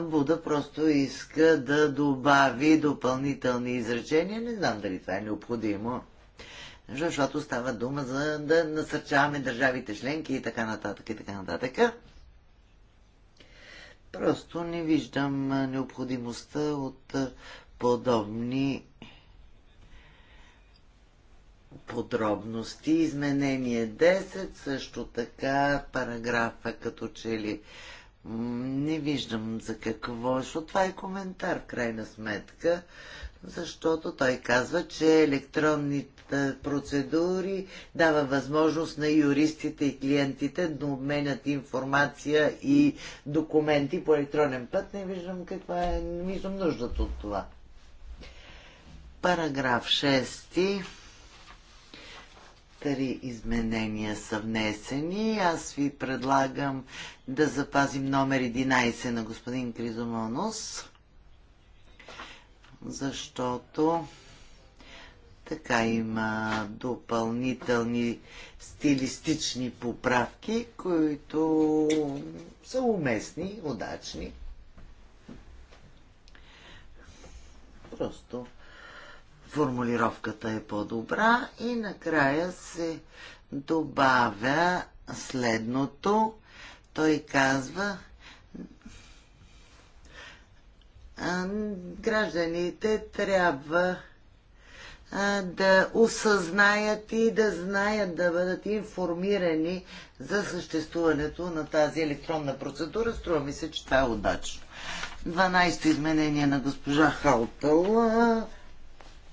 Speaker 1: Буда просто иска да добави допълнителни изречения. Не знам дали това е необходимо защото става дума за да насърчаваме държавите членки и така нататък и така нататък. Просто не виждам необходимостта от подобни подробности. Изменение 10, също така параграфа като че ли не виждам за какво, защото това е коментар в крайна сметка защото той казва, че електронните процедури дава възможност на юристите и клиентите да обменят информация и документи по електронен път. Не виждам каква е, не виждам нуждата от това. Параграф 6. Три изменения са внесени. Аз ви предлагам да запазим номер 11 на господин Кризомонос защото така има допълнителни стилистични поправки, които са уместни, удачни. Просто формулировката е по-добра и накрая се добавя следното. Той казва, гражданите трябва да осъзнаят и да знаят, да бъдат информирани за съществуването на тази електронна процедура. Струва ми се, че това е удачно. 12-то изменение на госпожа Халтъл.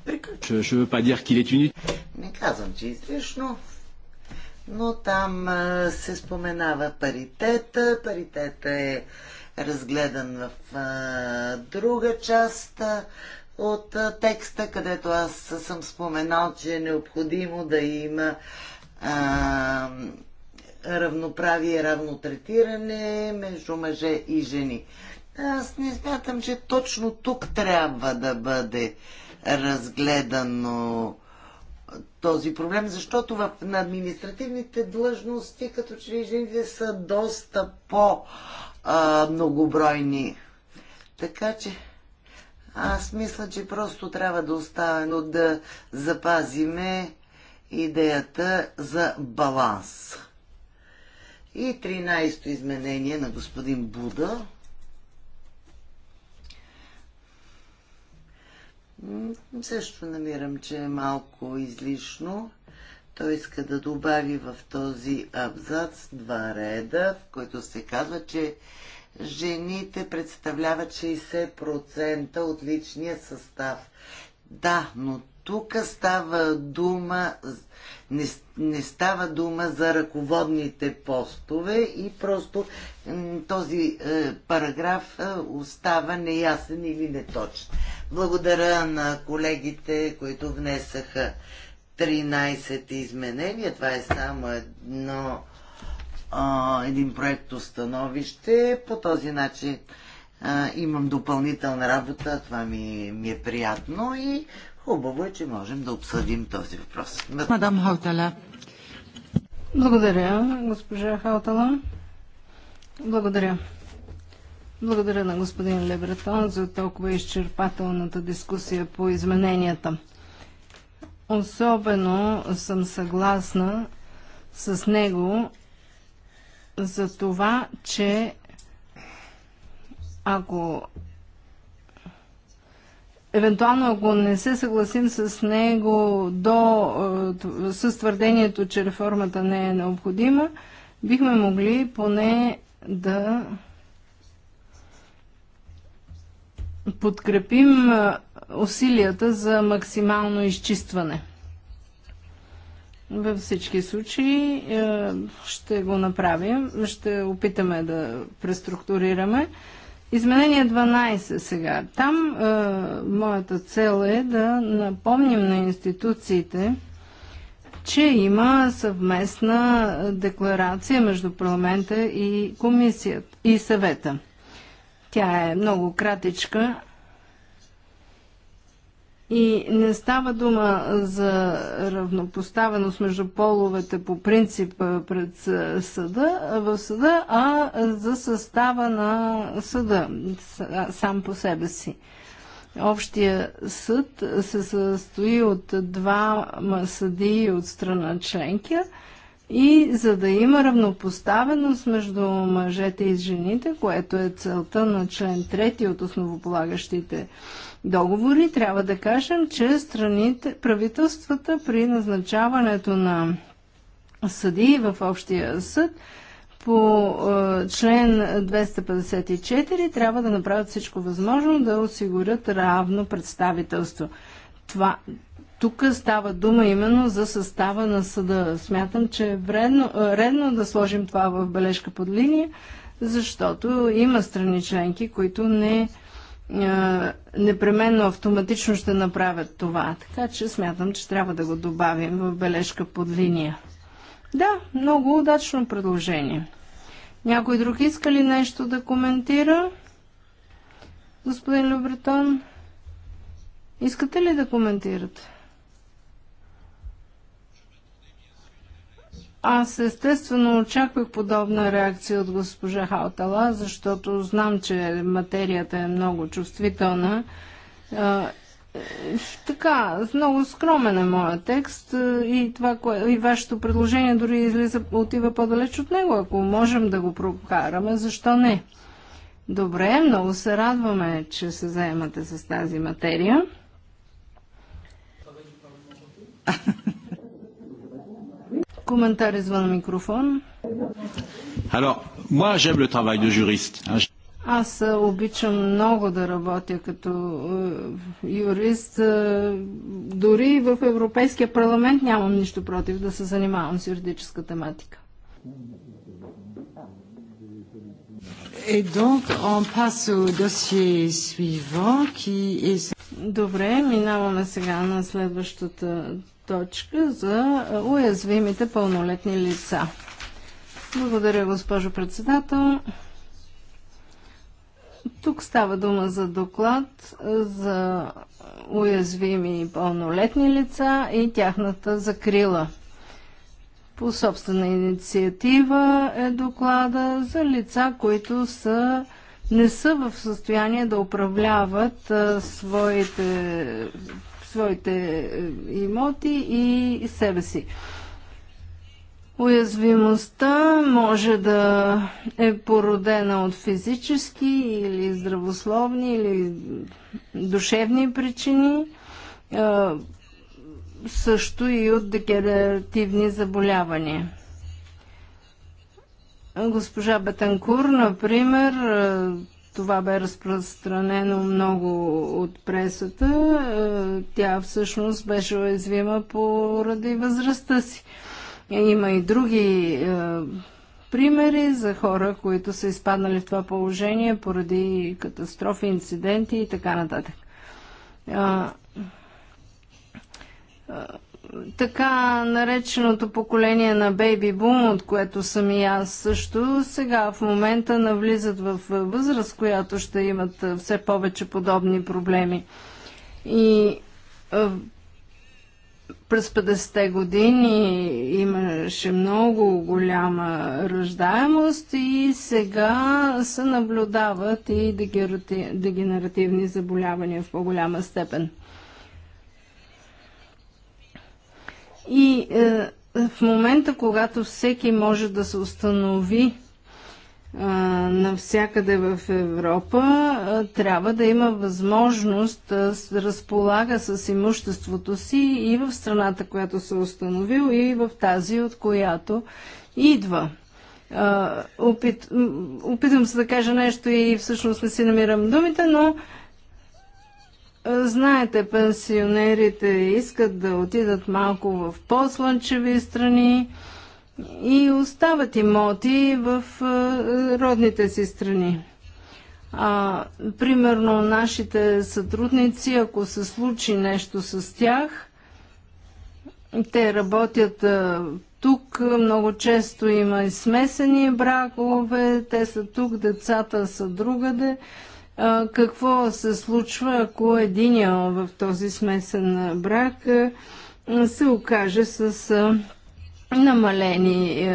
Speaker 1: Приключвам. Не казвам, че е излишно, но там се споменава паритета. Паритета е разгледан в а, друга част а, от а, текста, където аз съм споменал, че е необходимо да има а, равноправие, равно третиране между мъже и жени. Аз не смятам, че точно тук трябва да бъде разгледано този проблем, защото в, на административните длъжности, като че жените са доста по- а, многобройни. Така че аз мисля, че просто трябва да оставим да запазиме идеята за баланс. И 13-то изменение на господин Буда. Също намирам, че е малко излишно. Той иска да добави в този абзац два реда, в които се казва, че жените представляват 60% от личния състав. Да, но тук става дума, не, не става дума за ръководните постове и просто този е, параграф е, остава неясен или неточен. Благодаря на колегите, които внесаха 13 изменения. Това е само едно, а, един проект установище. По този начин а, имам допълнителна работа. Това ми, ми е приятно и хубаво е, че можем да обсъдим този въпрос. Мадам Хаутала.
Speaker 2: Благодаря, госпожа Хаутала. Благодаря. Благодаря на господин Лебретон за толкова изчерпателната дискусия по измененията. Особено съм съгласна с него за това, че ако Евентуално, ако не се съгласим с него до, е, с твърдението, че реформата не е необходима, бихме могли поне да подкрепим е, усилията за максимално изчистване. Във всички случаи е, ще го направим, ще опитаме да преструктурираме. Изменение 12 сега. Там е, моята цел е да напомним на институциите, че има съвместна декларация между парламента и комисията и съвета. Тя е много кратичка, и не става дума за равнопоставеност между половете по принцип пред съда, в съда, а за състава на съда сам по себе си. Общия съд се състои от два съдии от страна членки, и за да има равнопоставеност между мъжете и жените, което е целта на член 3 от основополагащите договори, трябва да кажем, че страните, правителствата при назначаването на съдии в Общия съд по е, член 254 трябва да направят всичко възможно да осигурят равно представителство. Това, тук става дума именно за състава на съда. Смятам, че е вредно, е, редно да сложим това в бележка под линия, защото има страни членки, които не непременно автоматично ще направят това. Така че смятам, че трябва да го добавим в бележка под линия. Да, много удачно предложение. Някой друг иска ли нещо да коментира? Господин Любретон, искате ли да коментирате? Аз естествено очаквах подобна реакция от госпожа Хаутала, защото знам, че материята е много чувствителна. Така, много скромен е моя текст и, това, и вашето предложение дори излиза, отива по-далеч от него. Ако можем да го прокараме, защо не? Добре, много се радваме, че се заемате с тази материя. Коментар извън микрофон.
Speaker 3: Alors, moi j'aime le travail de juriste.
Speaker 2: Аз обичам много да работя като юрист. Дори в Европейския парламент нямам нищо против да се занимавам с юридическа тематика. Et donc, on passe
Speaker 1: au dossier suivant
Speaker 2: qui est... Добре, минаваме сега на следващата точка за уязвимите пълнолетни лица. Благодаря, госпожо председател. Тук става дума за доклад за уязвими и пълнолетни лица и тяхната закрила. По собствена инициатива е доклада за лица, които са, не са в състояние да управляват а, своите своите е, имоти и себе си. Уязвимостта може да е породена от физически или здравословни или душевни причини, е, също и от дегенеративни заболявания. Госпожа Бетанкур, например, е, това бе разпространено много от пресата. Е, тя всъщност беше уязвима поради възрастта си. Има и други е, примери за хора, които са изпаднали в това положение поради катастрофи, инциденти и така нататък. Е, е, така нареченото поколение на Бейби Бум, от което съм и аз също, сега в момента навлизат в възраст, която ще имат все повече подобни проблеми. И през 50-те години имаше много голяма ръждаемост и сега се наблюдават и дегенеративни заболявания в по-голяма степен. И е, в момента, когато всеки може да се установи е, навсякъде в Европа, е, трябва да има възможност е, да разполага с имуществото си и в страната, която се е установил, и в тази, от която идва. А, е, опит, опитам се да кажа нещо и всъщност не си намирам думите, но а, е, знаете, пенсионерите искат да отидат малко в по-слънчеви страни и остават имоти в е, родните си страни. А, примерно нашите сътрудници, ако се случи нещо с тях, те работят е, тук, много често има и смесени бракове, те са тук, децата са другаде какво се случва, ако един в този смесен брак се окаже с намалени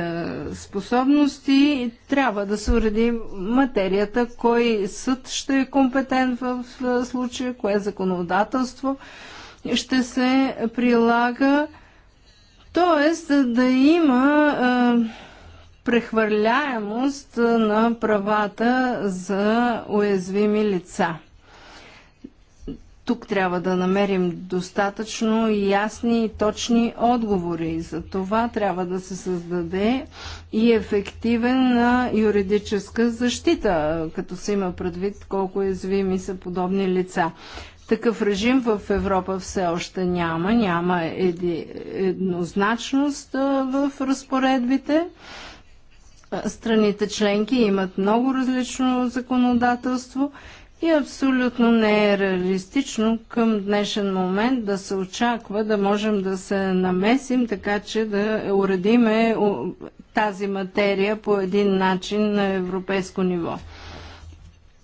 Speaker 2: способности. Трябва да се уреди материята, кой съд ще е компетент в случая, кое законодателство ще се прилага. Тоест да има прехвърляемост на правата за уязвими лица. Тук трябва да намерим достатъчно ясни и точни отговори. За това трябва да се създаде и ефективен юридическа защита, като се има предвид колко уязвими са подобни лица. Такъв режим в Европа все още няма. Няма еднозначност в разпоредбите. Страните членки имат много различно законодателство и абсолютно не е реалистично към днешен момент да се очаква да можем да се намесим, така че да уредиме тази материя по един начин на европейско ниво.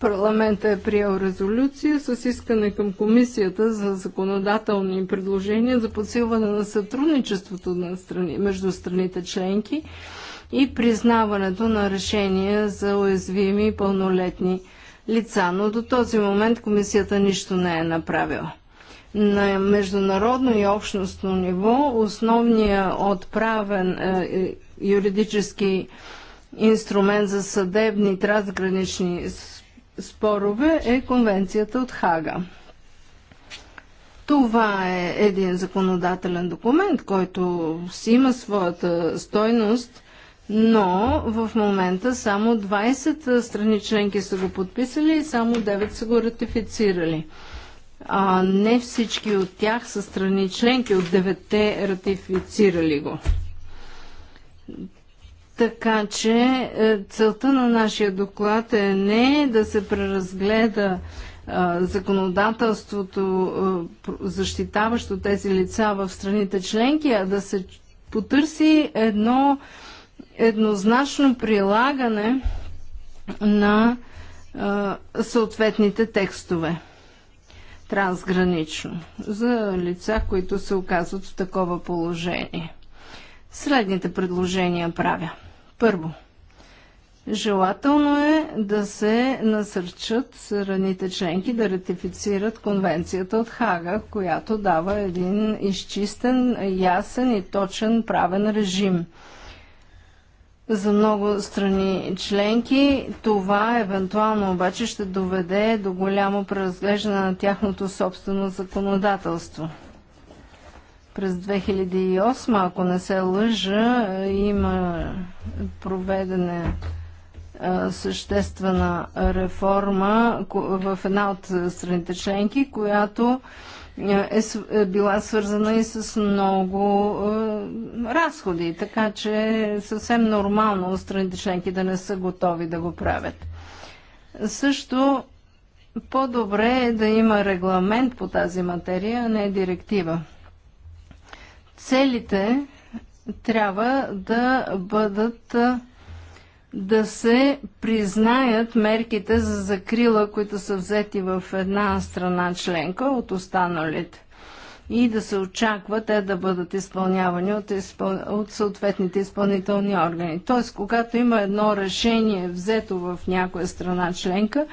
Speaker 2: Парламента е приел резолюция с искане към Комисията за законодателни предложения за подсилване на сътрудничеството на страни, между страните членки и признаването на решения за уязвими и пълнолетни лица. Но до този момент комисията нищо не е направила. На международно и общностно ниво основният отправен е, юридически инструмент за съдебни трансгранични спорове е конвенцията от Хага. Това е един законодателен документ, който си има своята стойност но в момента само 20 страни членки са го подписали и само 9 са го ратифицирали. А не всички от тях са страни членки, от 9-те ратифицирали го. Така че е, целта на нашия доклад е не да се преразгледа е, законодателството, е, защитаващо тези лица в страните членки, а да се потърси едно а, еднозначно прилагане на а, съответните текстове трансгранично за лица, които се оказват в такова положение. Следните предложения правя. Първо, желателно е да се насърчат раните членки да ратифицират конвенцията от Хага, която дава един изчистен, ясен и точен правен режим – за много страни членки. Това евентуално обаче ще доведе до голямо преразглеждане на тяхното собствено законодателство. През 2008, ако не се лъжа, има проведена съществена реформа в една от страните членки, която е, е, е, била свързана и с много е, разходи, така че е съвсем нормално страните членки да не са готови да го правят. Също по-добре е да има регламент по тази материя, а не директива. Целите трябва да бъдат е, да се признаят мерките за закрила, които са взети в една страна членка от останалите и да се очаква те да бъдат изпълнявани от, изпъл... от съответните изпълнителни органи. Т.е. когато има едно решение взето в някоя страна членка,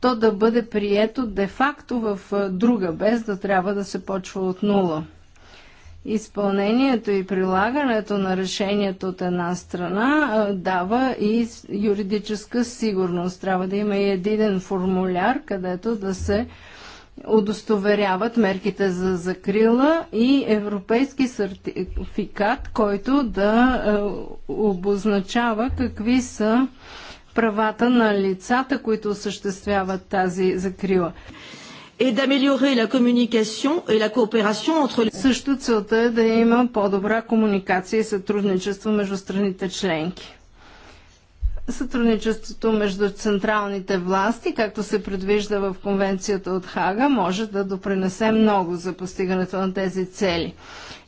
Speaker 2: то да бъде прието де-факто в друга, без да трябва да се почва от нула изпълнението и прилагането на решението от една страна дава и юридическа сигурност. Трябва да има и един формуляр, където да се удостоверяват мерките за закрила и европейски сертификат, който да обозначава какви са правата на лицата, които осъществяват тази закрила et d'améliorer la communication et la coopération entre Също целта е да има по-добра комуникация и сътрудничество между страните членки сътрудничеството между централните власти, както се предвижда в конвенцията от Хага, може да допринесе много за постигането на тези цели.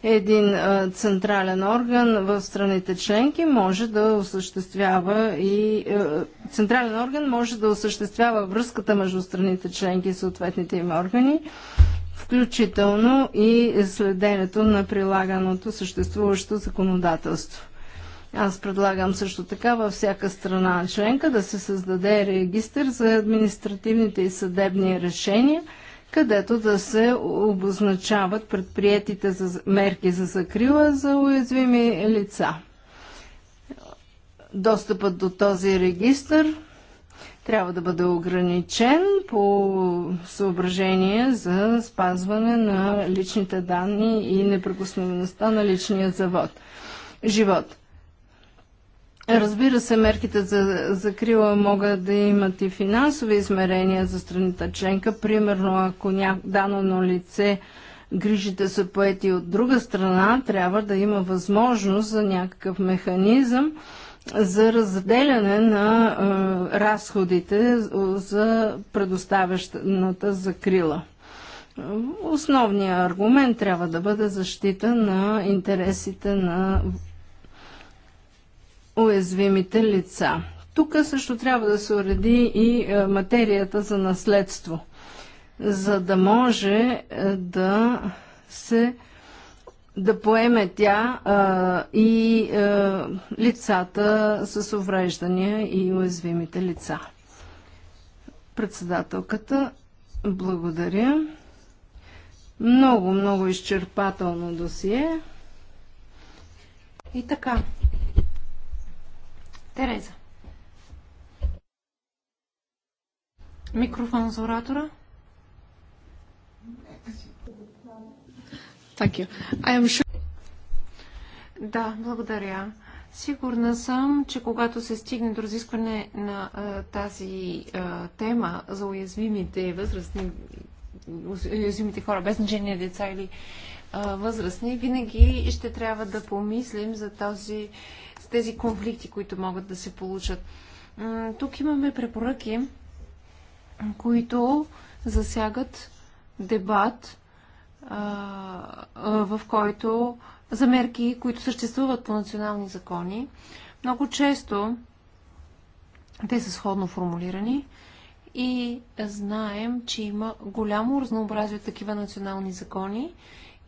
Speaker 2: Един централен орган в страните членки може да осъществява и централен орган може да осъществява връзката между страните членки и съответните им органи, включително и следенето на прилаганото съществуващо законодателство. Аз предлагам също така във всяка страна членка да се създаде регистр за административните и съдебни решения, където да се обозначават предприетите за мерки за закрила за уязвими лица. Достъпът до този регистр трябва да бъде ограничен по съображение за спазване на личните данни и неприкосновеността на личния завод. живот. Разбира се, мерките за закрила могат да имат и финансови измерения за страната членка. Примерно, ако ня... дадено лице грижите са поети от друга страна, трябва да има възможност за някакъв механизъм за разделяне на е, разходите за предоставящата закрила. Основният аргумент трябва да бъде защита на интересите на уязвимите лица. Тук също трябва да се уреди и е, материята за наследство, за да може е, да се да поеме тя а, е, и а, лицата с увреждания и уязвимите лица. Председателката, благодаря. Много, много изчерпателно досие. И така,
Speaker 3: Тереза. Микрофон за оратора. Thank
Speaker 2: you. I am sure...
Speaker 3: Да, благодаря. Сигурна съм, че когато се стигне до разискване на а, тази а, тема за уязвимите възрастни, уязвимите хора, без значение деца или а, възрастни, винаги ще трябва да помислим за този тези конфликти, които могат да се получат. Тук имаме препоръки, които засягат дебат, в който за мерки, които съществуват по национални закони. Много често те са сходно формулирани и знаем, че има голямо разнообразие от такива национални закони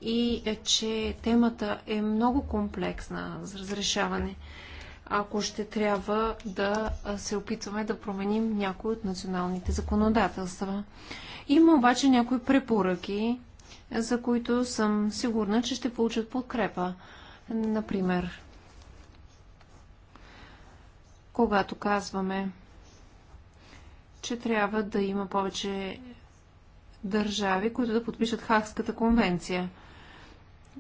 Speaker 3: и е, че темата е много комплексна за разрешаване, ако ще трябва да се опитваме да променим някои от националните законодателства. Има обаче някои препоръки, за които съм сигурна, че ще получат подкрепа. Например, когато казваме, че трябва да има повече държави, които да подпишат Хагската конвенция –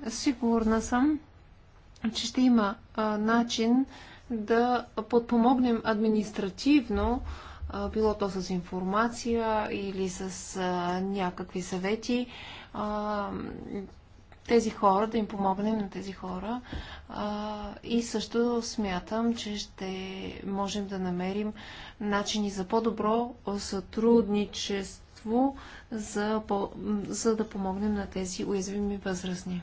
Speaker 3: Сигурна съм, че ще има а, начин да подпомогнем административно, а, било то с информация или с а, някакви съвети, а, тези хора, да им помогнем на тези хора. А, и също смятам, че ще можем да намерим начини за по-добро сътрудничество, за, по, за да помогнем на тези уязвими възрастни.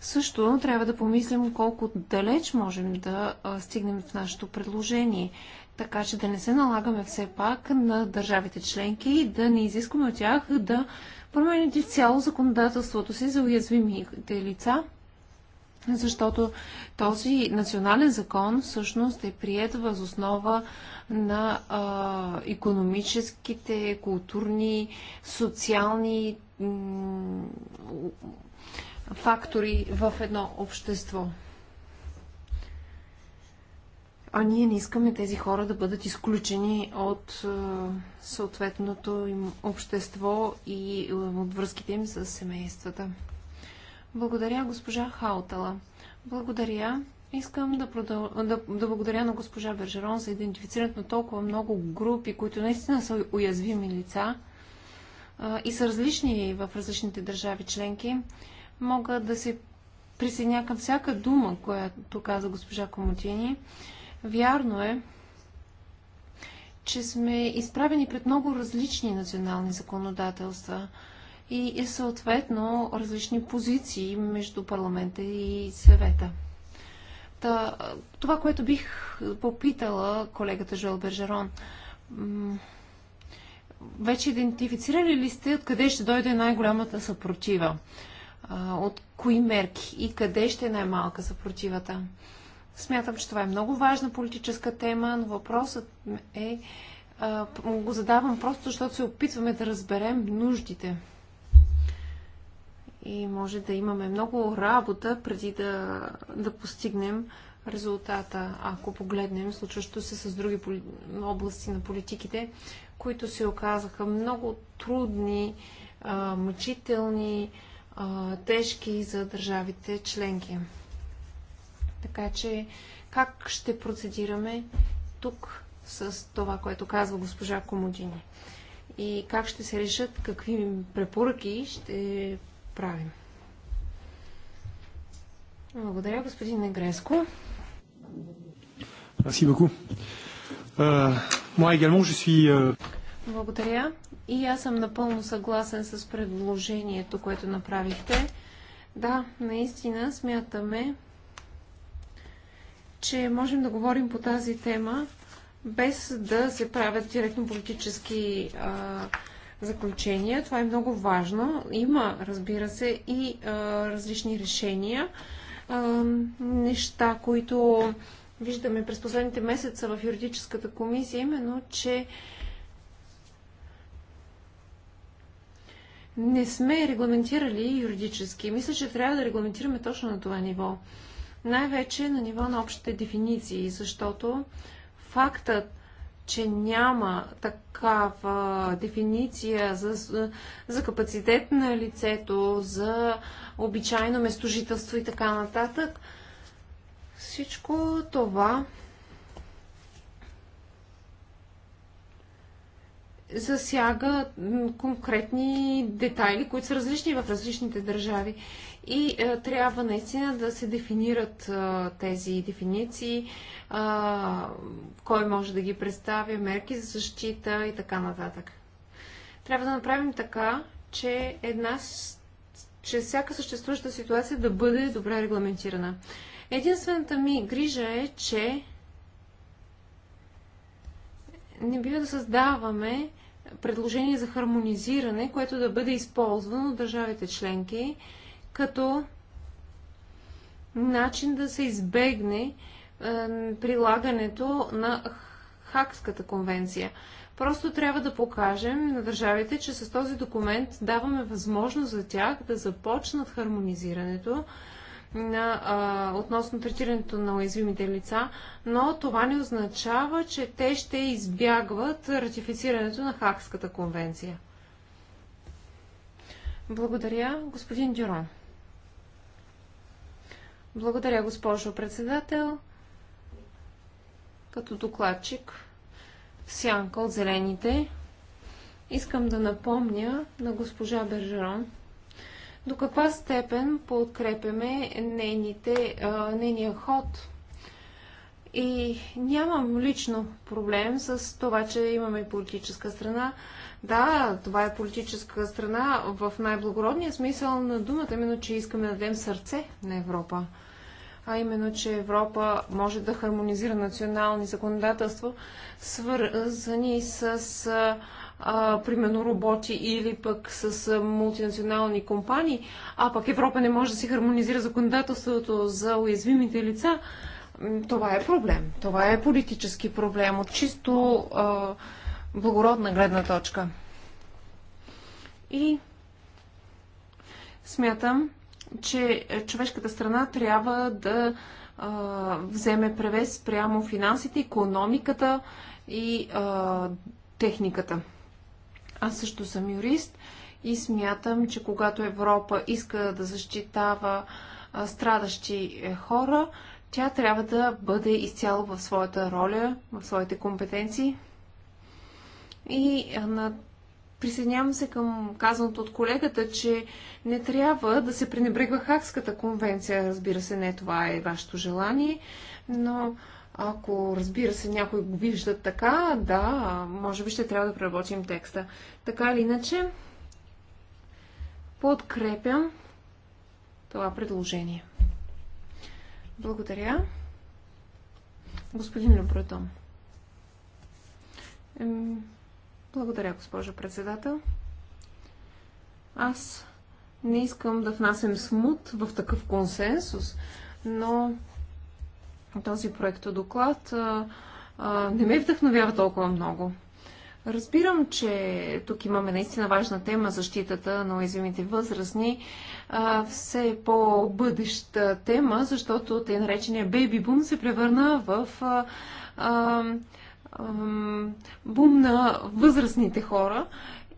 Speaker 3: Също трябва да помислим колко далеч можем да стигнем в нашето предложение, така че да не се налагаме все пак на държавите членки и да не изискваме от тях да променят цяло законодателството си за уязвимите лица, защото този национален закон всъщност е прият въз основа на а, економическите, културни, социални фактори в едно общество. А ние не искаме тези хора да бъдат изключени от е, съответното им общество и е, от връзките им с семействата. Благодаря, госпожа Хаутала. Благодаря. Искам да, продъл... да, да благодаря на госпожа Бержерон за идентифицирането на толкова много групи, които наистина са уязвими лица а, е, и са различни в различните държави членки. Мога да се присъединя към всяка дума, която каза госпожа Комотини. Вярно е, че сме изправени пред много различни национални законодателства и, съответно различни позиции между парламента и съвета. Та, това, което бих попитала колегата Жоел Бержерон, вече идентифицирали ли сте откъде ще дойде най-голямата съпротива? от кои мерки и къде ще е най-малка съпротивата. Смятам, че това е много важна политическа тема, но въпросът е, а, го задавам просто, защото се опитваме да разберем нуждите. И може да имаме много работа преди да, да постигнем резултата, ако погледнем случващо се с други области на политиките, които се оказаха много трудни, мъчителни, а, тежки за държавите членки. Така че как ще процедираме тук с това, което казва госпожа Комодини? И как ще се решат какви препоръки ще правим? Благодаря, господин Негреско.
Speaker 2: Merci beaucoup. Euh, moi également, je suis euh,
Speaker 3: благодаря. И аз съм напълно съгласен с предложението, което направихте. Да, наистина смятаме, че можем да говорим по тази тема без да се правят директно политически а, заключения. Това е много важно. Има, разбира се, и а, различни решения. А, неща, които виждаме през последните месеца в юридическата комисия, именно, че не сме регламентирали юридически. Мисля, че трябва да регламентираме точно на това ниво. Най-вече на ниво на общите дефиниции, защото фактът, че няма такава дефиниция за, за капацитет на лицето, за обичайно местожителство и така нататък, всичко това засяга конкретни детайли, които са различни в различните държави. И е, трябва наистина да се дефинират е, тези дефиниции, е, кой може да ги представя, мерки за защита и така нататък. Трябва да направим така, че една че всяка съществуваща ситуация да бъде добре регламентирана. Единствената ми грижа е, че не бива да създаваме предложение за хармонизиране, което да бъде използвано от държавите членки като начин да се избегне е, прилагането на Хакската конвенция. Просто трябва да покажем на държавите, че с този документ даваме възможност за тях да започнат хармонизирането на, а, относно третирането на уязвимите лица, но това не означава, че те ще избягват ратифицирането на Хакската конвенция. Благодаря, господин Дюрон. Благодаря, госпожо председател. Като докладчик, сянка от зелените, искам да напомня на госпожа Бержерон, до каква степен подкрепяме нейните, а, нейния ход. И нямам лично проблем с това, че имаме политическа страна. Да, това е политическа страна в най-благородния смисъл на думата, именно, че искаме да дадем сърце на Европа. А именно, че Европа може да хармонизира национални законодателства, свързани с а, примерно роботи или пък с а, мултинационални компании, а пък Европа не може да си хармонизира законодателството за уязвимите лица, това е проблем. Това е политически проблем от чисто а, благородна гледна точка. И смятам, че човешката страна трябва да а, вземе превес прямо финансите, економиката и а, техниката. Аз също съм юрист и смятам, че когато Европа иска да защитава страдащи е, хора, тя трябва да бъде изцяло в своята роля, в своите компетенции. И на... присъединявам се към казаното от колегата, че не трябва да се пренебрегва Хакската конвенция. Разбира се, не това е вашето желание, но ако, разбира се, някой го вижда така, да, може би ще трябва да преработим текста. Така или иначе, подкрепям това предложение. Благодаря. Господин Любротон. Благодаря, госпожо председател. Аз не искам да внасям смут в такъв консенсус, но този проект доклад не ме вдъхновява толкова много. Разбирам, че тук имаме наистина важна тема защитата на уязвимите възрастни. Все по-бъдеща тема, защото те наречения бейби бум се превърна в бум на възрастните хора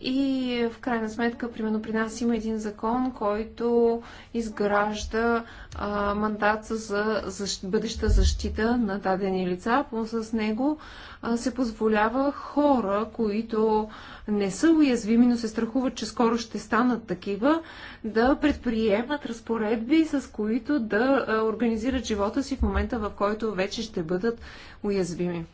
Speaker 3: и в крайна сметка, примерно при нас има един закон, който изгражда а, мандат за защ... бъдеща защита на дадени лица. С него а, се позволява хора, които не са уязвими, но се страхуват, че скоро ще станат такива, да предприемат разпоредби, с които да организират живота си в момента, в който вече ще бъдат уязвими.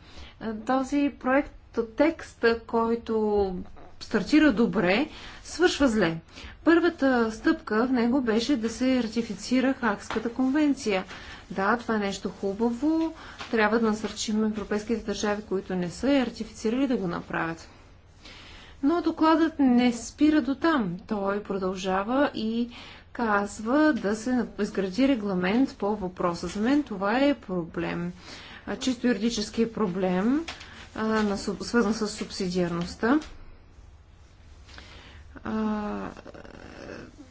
Speaker 3: Този проект текст, който стартира добре, свършва зле. Първата стъпка в него беше да се ратифицира Хакската конвенция. Да, това е нещо хубаво. Трябва да насърчим европейските държави, които не са я ратифицирали, да го направят. Но докладът не спира до там. Той продължава и казва да се изгради регламент по въпроса. За мен това е проблем. Чисто юридически проблем, свързан с субсидиарността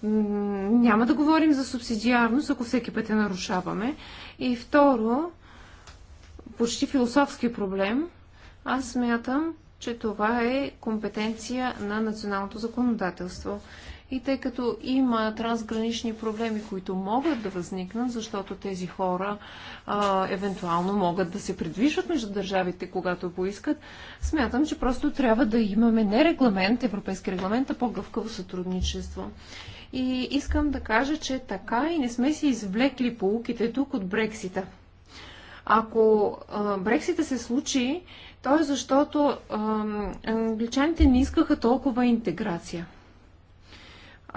Speaker 3: няма да говорим за субсидиарност, ако всеки път я нарушаваме. И второ, почти философски проблем, аз смятам, че това е компетенция на националното законодателство. И тъй като има трансгранични проблеми, които могат да възникнат, защото тези хора а, евентуално могат да се придвижват между държавите, когато поискат, смятам, че просто трябва да имаме не регламент, европейски регламент, а по-гъвкаво сътрудничество. И искам да кажа, че така и не сме си извлекли полуките тук от Брексита. Ако а, Брексита се случи, то е защото а, англичаните не искаха толкова интеграция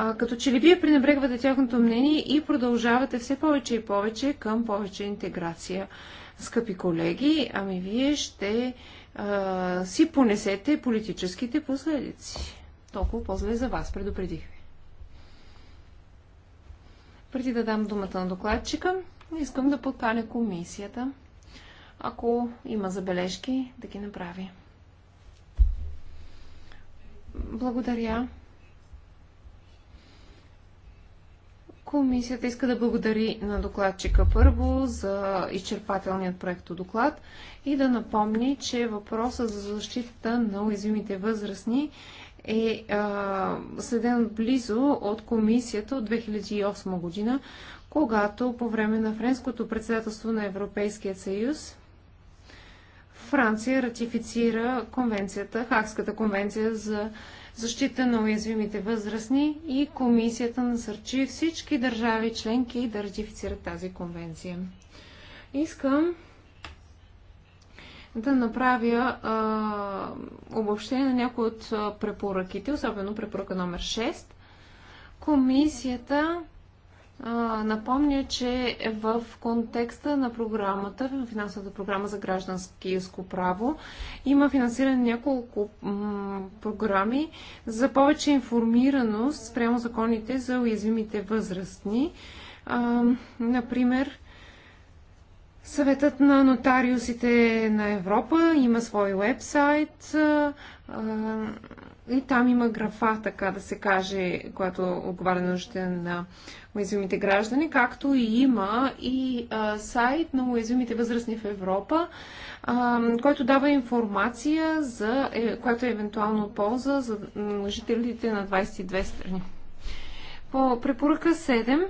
Speaker 3: а, като че ли вие пренебрегвате тяхното мнение и продължавате все повече и повече към повече интеграция. Скъпи колеги, ами вие ще а, си понесете политическите последици. Толкова по-зле за вас, предупредих ви. Преди да дам думата на докладчика, искам да подкаля комисията, ако има забележки, да ги направи. Благодаря. Комисията иска да благодари на докладчика първо за изчерпателният проект доклад и да напомни, че въпроса за защита на уязвимите възрастни е а, следен близо от комисията от 2008 година, когато по време на френското председателство на Европейския съюз Франция ратифицира конвенцията, Хакската конвенция за защита на уязвимите възрастни и комисията насърчи всички държави членки да ратифицират тази конвенция. Искам да направя а, обобщение на някои от препоръките, особено препоръка номер 6. Комисията напомня, че в контекста на програмата, в финансовата програма за гражданско право, има финансиране няколко програми за повече информираност спрямо законите за уязвимите възрастни. А, например, Съветът на нотариусите на Европа има свой вебсайт. А, и там има графа, така да се каже, която отговаря на нуждите на уязвимите граждани, както и има и а, сайт на уязвимите възрастни в Европа, а, който дава информация, за, е, която е евентуално полза за жителите на 22 страни. По препоръка 7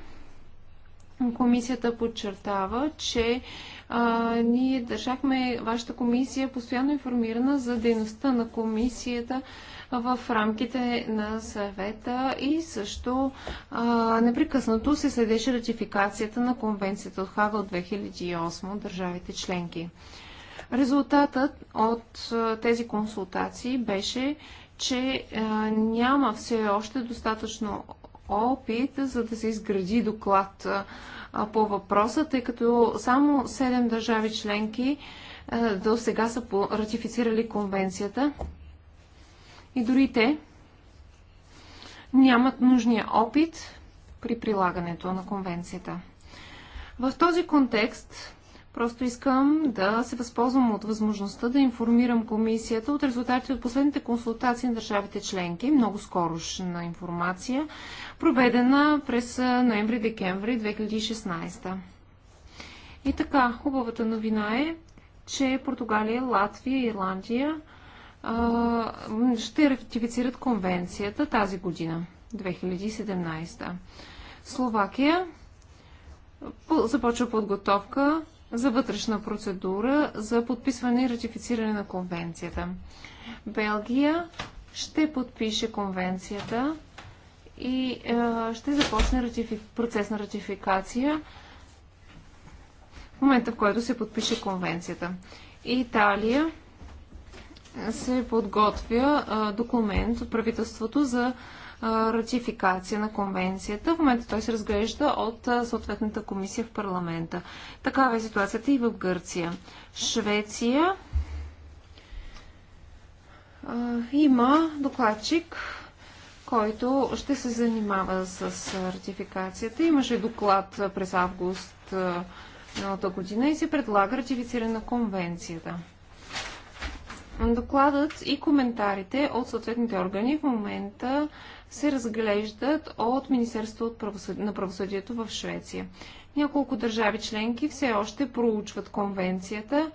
Speaker 3: комисията подчертава, че а, ние държахме вашата комисия постоянно информирана за дейността на комисията в рамките на съвета и също а, непрекъснато се следеше ратификацията на конвенцията от Хага от 2008 от държавите членки. Резултатът от тези консултации беше, че а, няма все още достатъчно опит, за да се изгради доклад а, по въпроса, тъй като само 7 държави членки до сега са ратифицирали конвенцията и дори те нямат нужния опит при прилагането на конвенцията. В този контекст просто искам да се възползвам от възможността да информирам комисията от резултатите от последните консултации на държавите членки, много скорошна информация, проведена през ноември-декември 2016. И така, хубавата новина е, че Португалия, Латвия, и Ирландия – ще ратифицират конвенцията тази година, 2017. Словакия започва подготовка за вътрешна процедура за подписване и ратифициране на конвенцията. Белгия ще подпише конвенцията и ще започне ратифи... процес на ратификация в момента, в който се подпише конвенцията. Италия се подготвя документ от правителството за ратификация на конвенцията. В момента той се разглежда от съответната комисия в парламента. Такава е ситуацията и в Гърция. Швеция има докладчик, който ще се занимава с ратификацията. Имаше доклад през август миналата година и се предлага ратифициране на конвенцията. Докладът и коментарите от съответните органи в момента се разглеждат от Министерството на правосъдието в Швеция. Няколко държави членки все още проучват конвенцията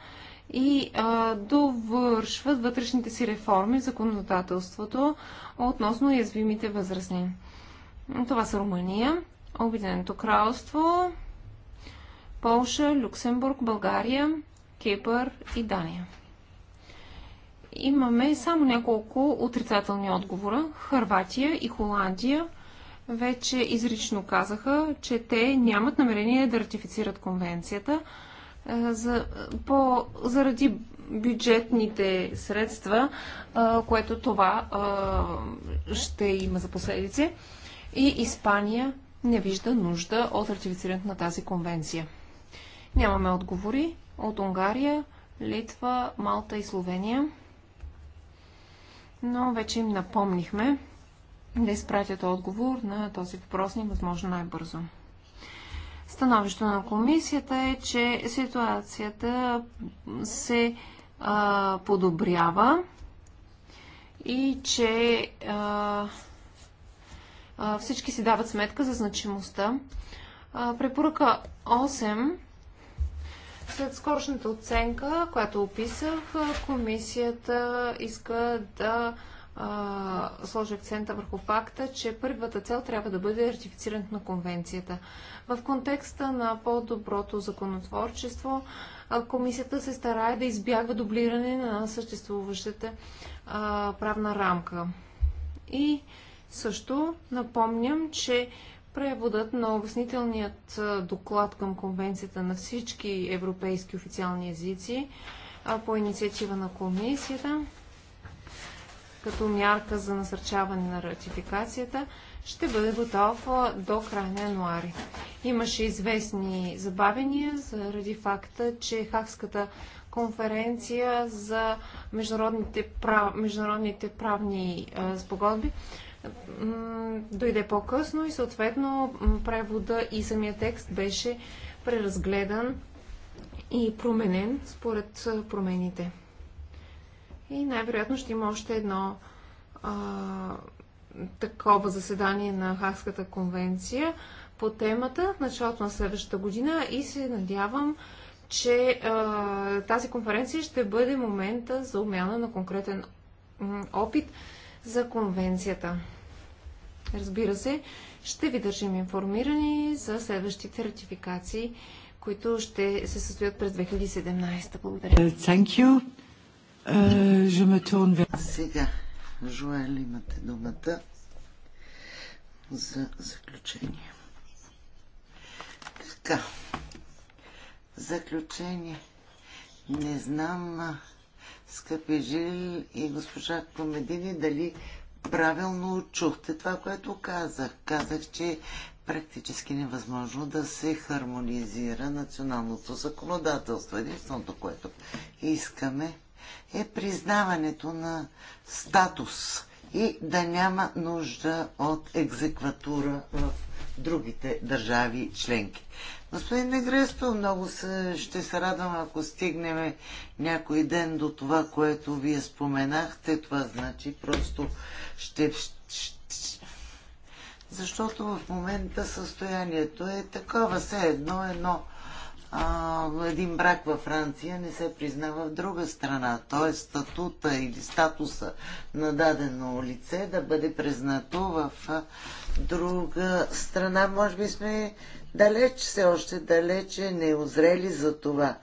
Speaker 3: и а, довършват вътрешните си реформи в законодателството относно язвимите възрастни. Това са Румъния, Обединеното кралство, Полша, Люксембург, България, Кипър и Дания имаме само няколко отрицателни отговора. Харватия и Холандия вече изрично казаха, че те нямат намерение да ратифицират конвенцията за, по, заради бюджетните средства, а, което това а, ще има за последици. И Испания не вижда нужда от ратифицирането на тази конвенция. Нямаме отговори от Унгария, Литва, Малта и Словения но вече им напомнихме да изпратят отговор на този въпрос ни възможно най-бързо. Становището на комисията е, че ситуацията се а, подобрява и че а, а, всички си дават сметка за значимостта. А, препоръка 8 след скорошната оценка, която описах, комисията иска да а, сложи акцента върху факта, че първата цел трябва да бъде ратифицирането на конвенцията. В контекста на по-доброто законотворчество, комисията се старае да избягва дублиране на съществуващата а, правна рамка. И също напомням, че Преводът на обяснителният доклад към конвенцията на всички европейски официални езици по инициатива на комисията като мярка за насърчаване на ратификацията ще бъде готов до края на януари. Имаше известни забавения заради факта, че Хакската конференция за международните, прав... международните правни спогодби дойде по-късно и съответно превода и самия текст беше преразгледан и променен според промените. И най-вероятно ще има още едно а, такова заседание на Хагската конвенция по темата в началото на следващата година и се надявам, че а, тази конференция ще бъде момента за умяна на конкретен опит за конвенцията. Разбира се, ще ви държим информирани за следващите ратификации, които ще се състоят през 2017. Благодаря. Е,
Speaker 1: thank you. Uh, je me tourne... Сега, Жоел, имате думата за заключение. Така. Заключение. Не знам скъпи Жил и госпожа Комедини, дали правилно чухте това, което казах. Казах, че практически невъзможно да се хармонизира националното законодателство. Единственото, което искаме е признаването на статус и да няма нужда от екзекватура в другите държави членки. Господин Негресто, много се, ще се радвам, ако стигнем някой ден до това, което вие споменахте. Това значи просто ще... Защото в момента състоянието е такова, все едно, едно. А, един брак във Франция не се признава в друга страна. Т.е. статута или статуса на дадено лице да бъде признато в друга страна. Може би сме далеч, все още далече не озрели за това.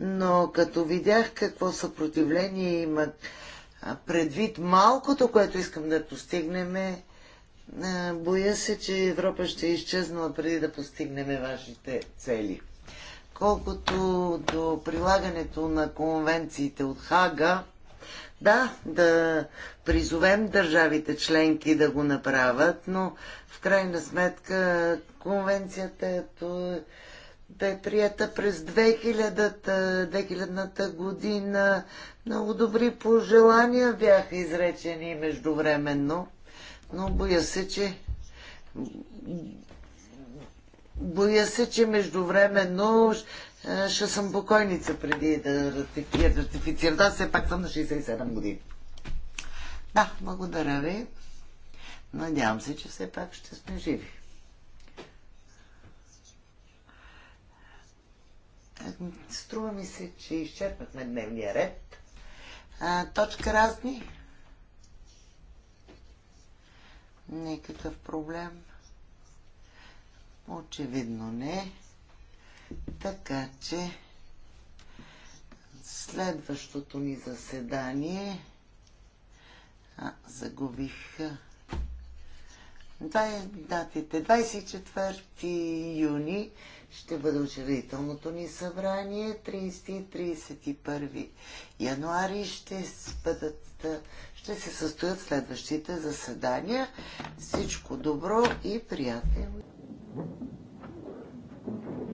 Speaker 1: Но като видях какво съпротивление има предвид малкото, което искам да постигнем, боя се, че Европа ще е изчезнала преди да постигнем вашите цели. Колкото до прилагането на конвенциите от Хага, да, да призовем държавите членки да го направят, но в крайна сметка конвенцията е е прията през 2000-та, 2000-та година. Много добри пожелания бяха изречени междувременно, но боя се, че боя се, че междувременно е, ще съм покойница преди да ратифицирам. Ратифицира. Да, все пак съм на 67 години. Да, благодаря ви. Надявам се, че все пак ще сме живи. Е, струва ми се, че изчерпахме дневния ред. А, е, точка разни. Никакъв проблем. Очевидно не. Така че следващото ни заседание а, загубих Дай, датите 24 юни ще бъде учредителното ни събрание 30 и 31 януари ще бъдат ще се състоят следващите заседания. Всичко добро и приятели.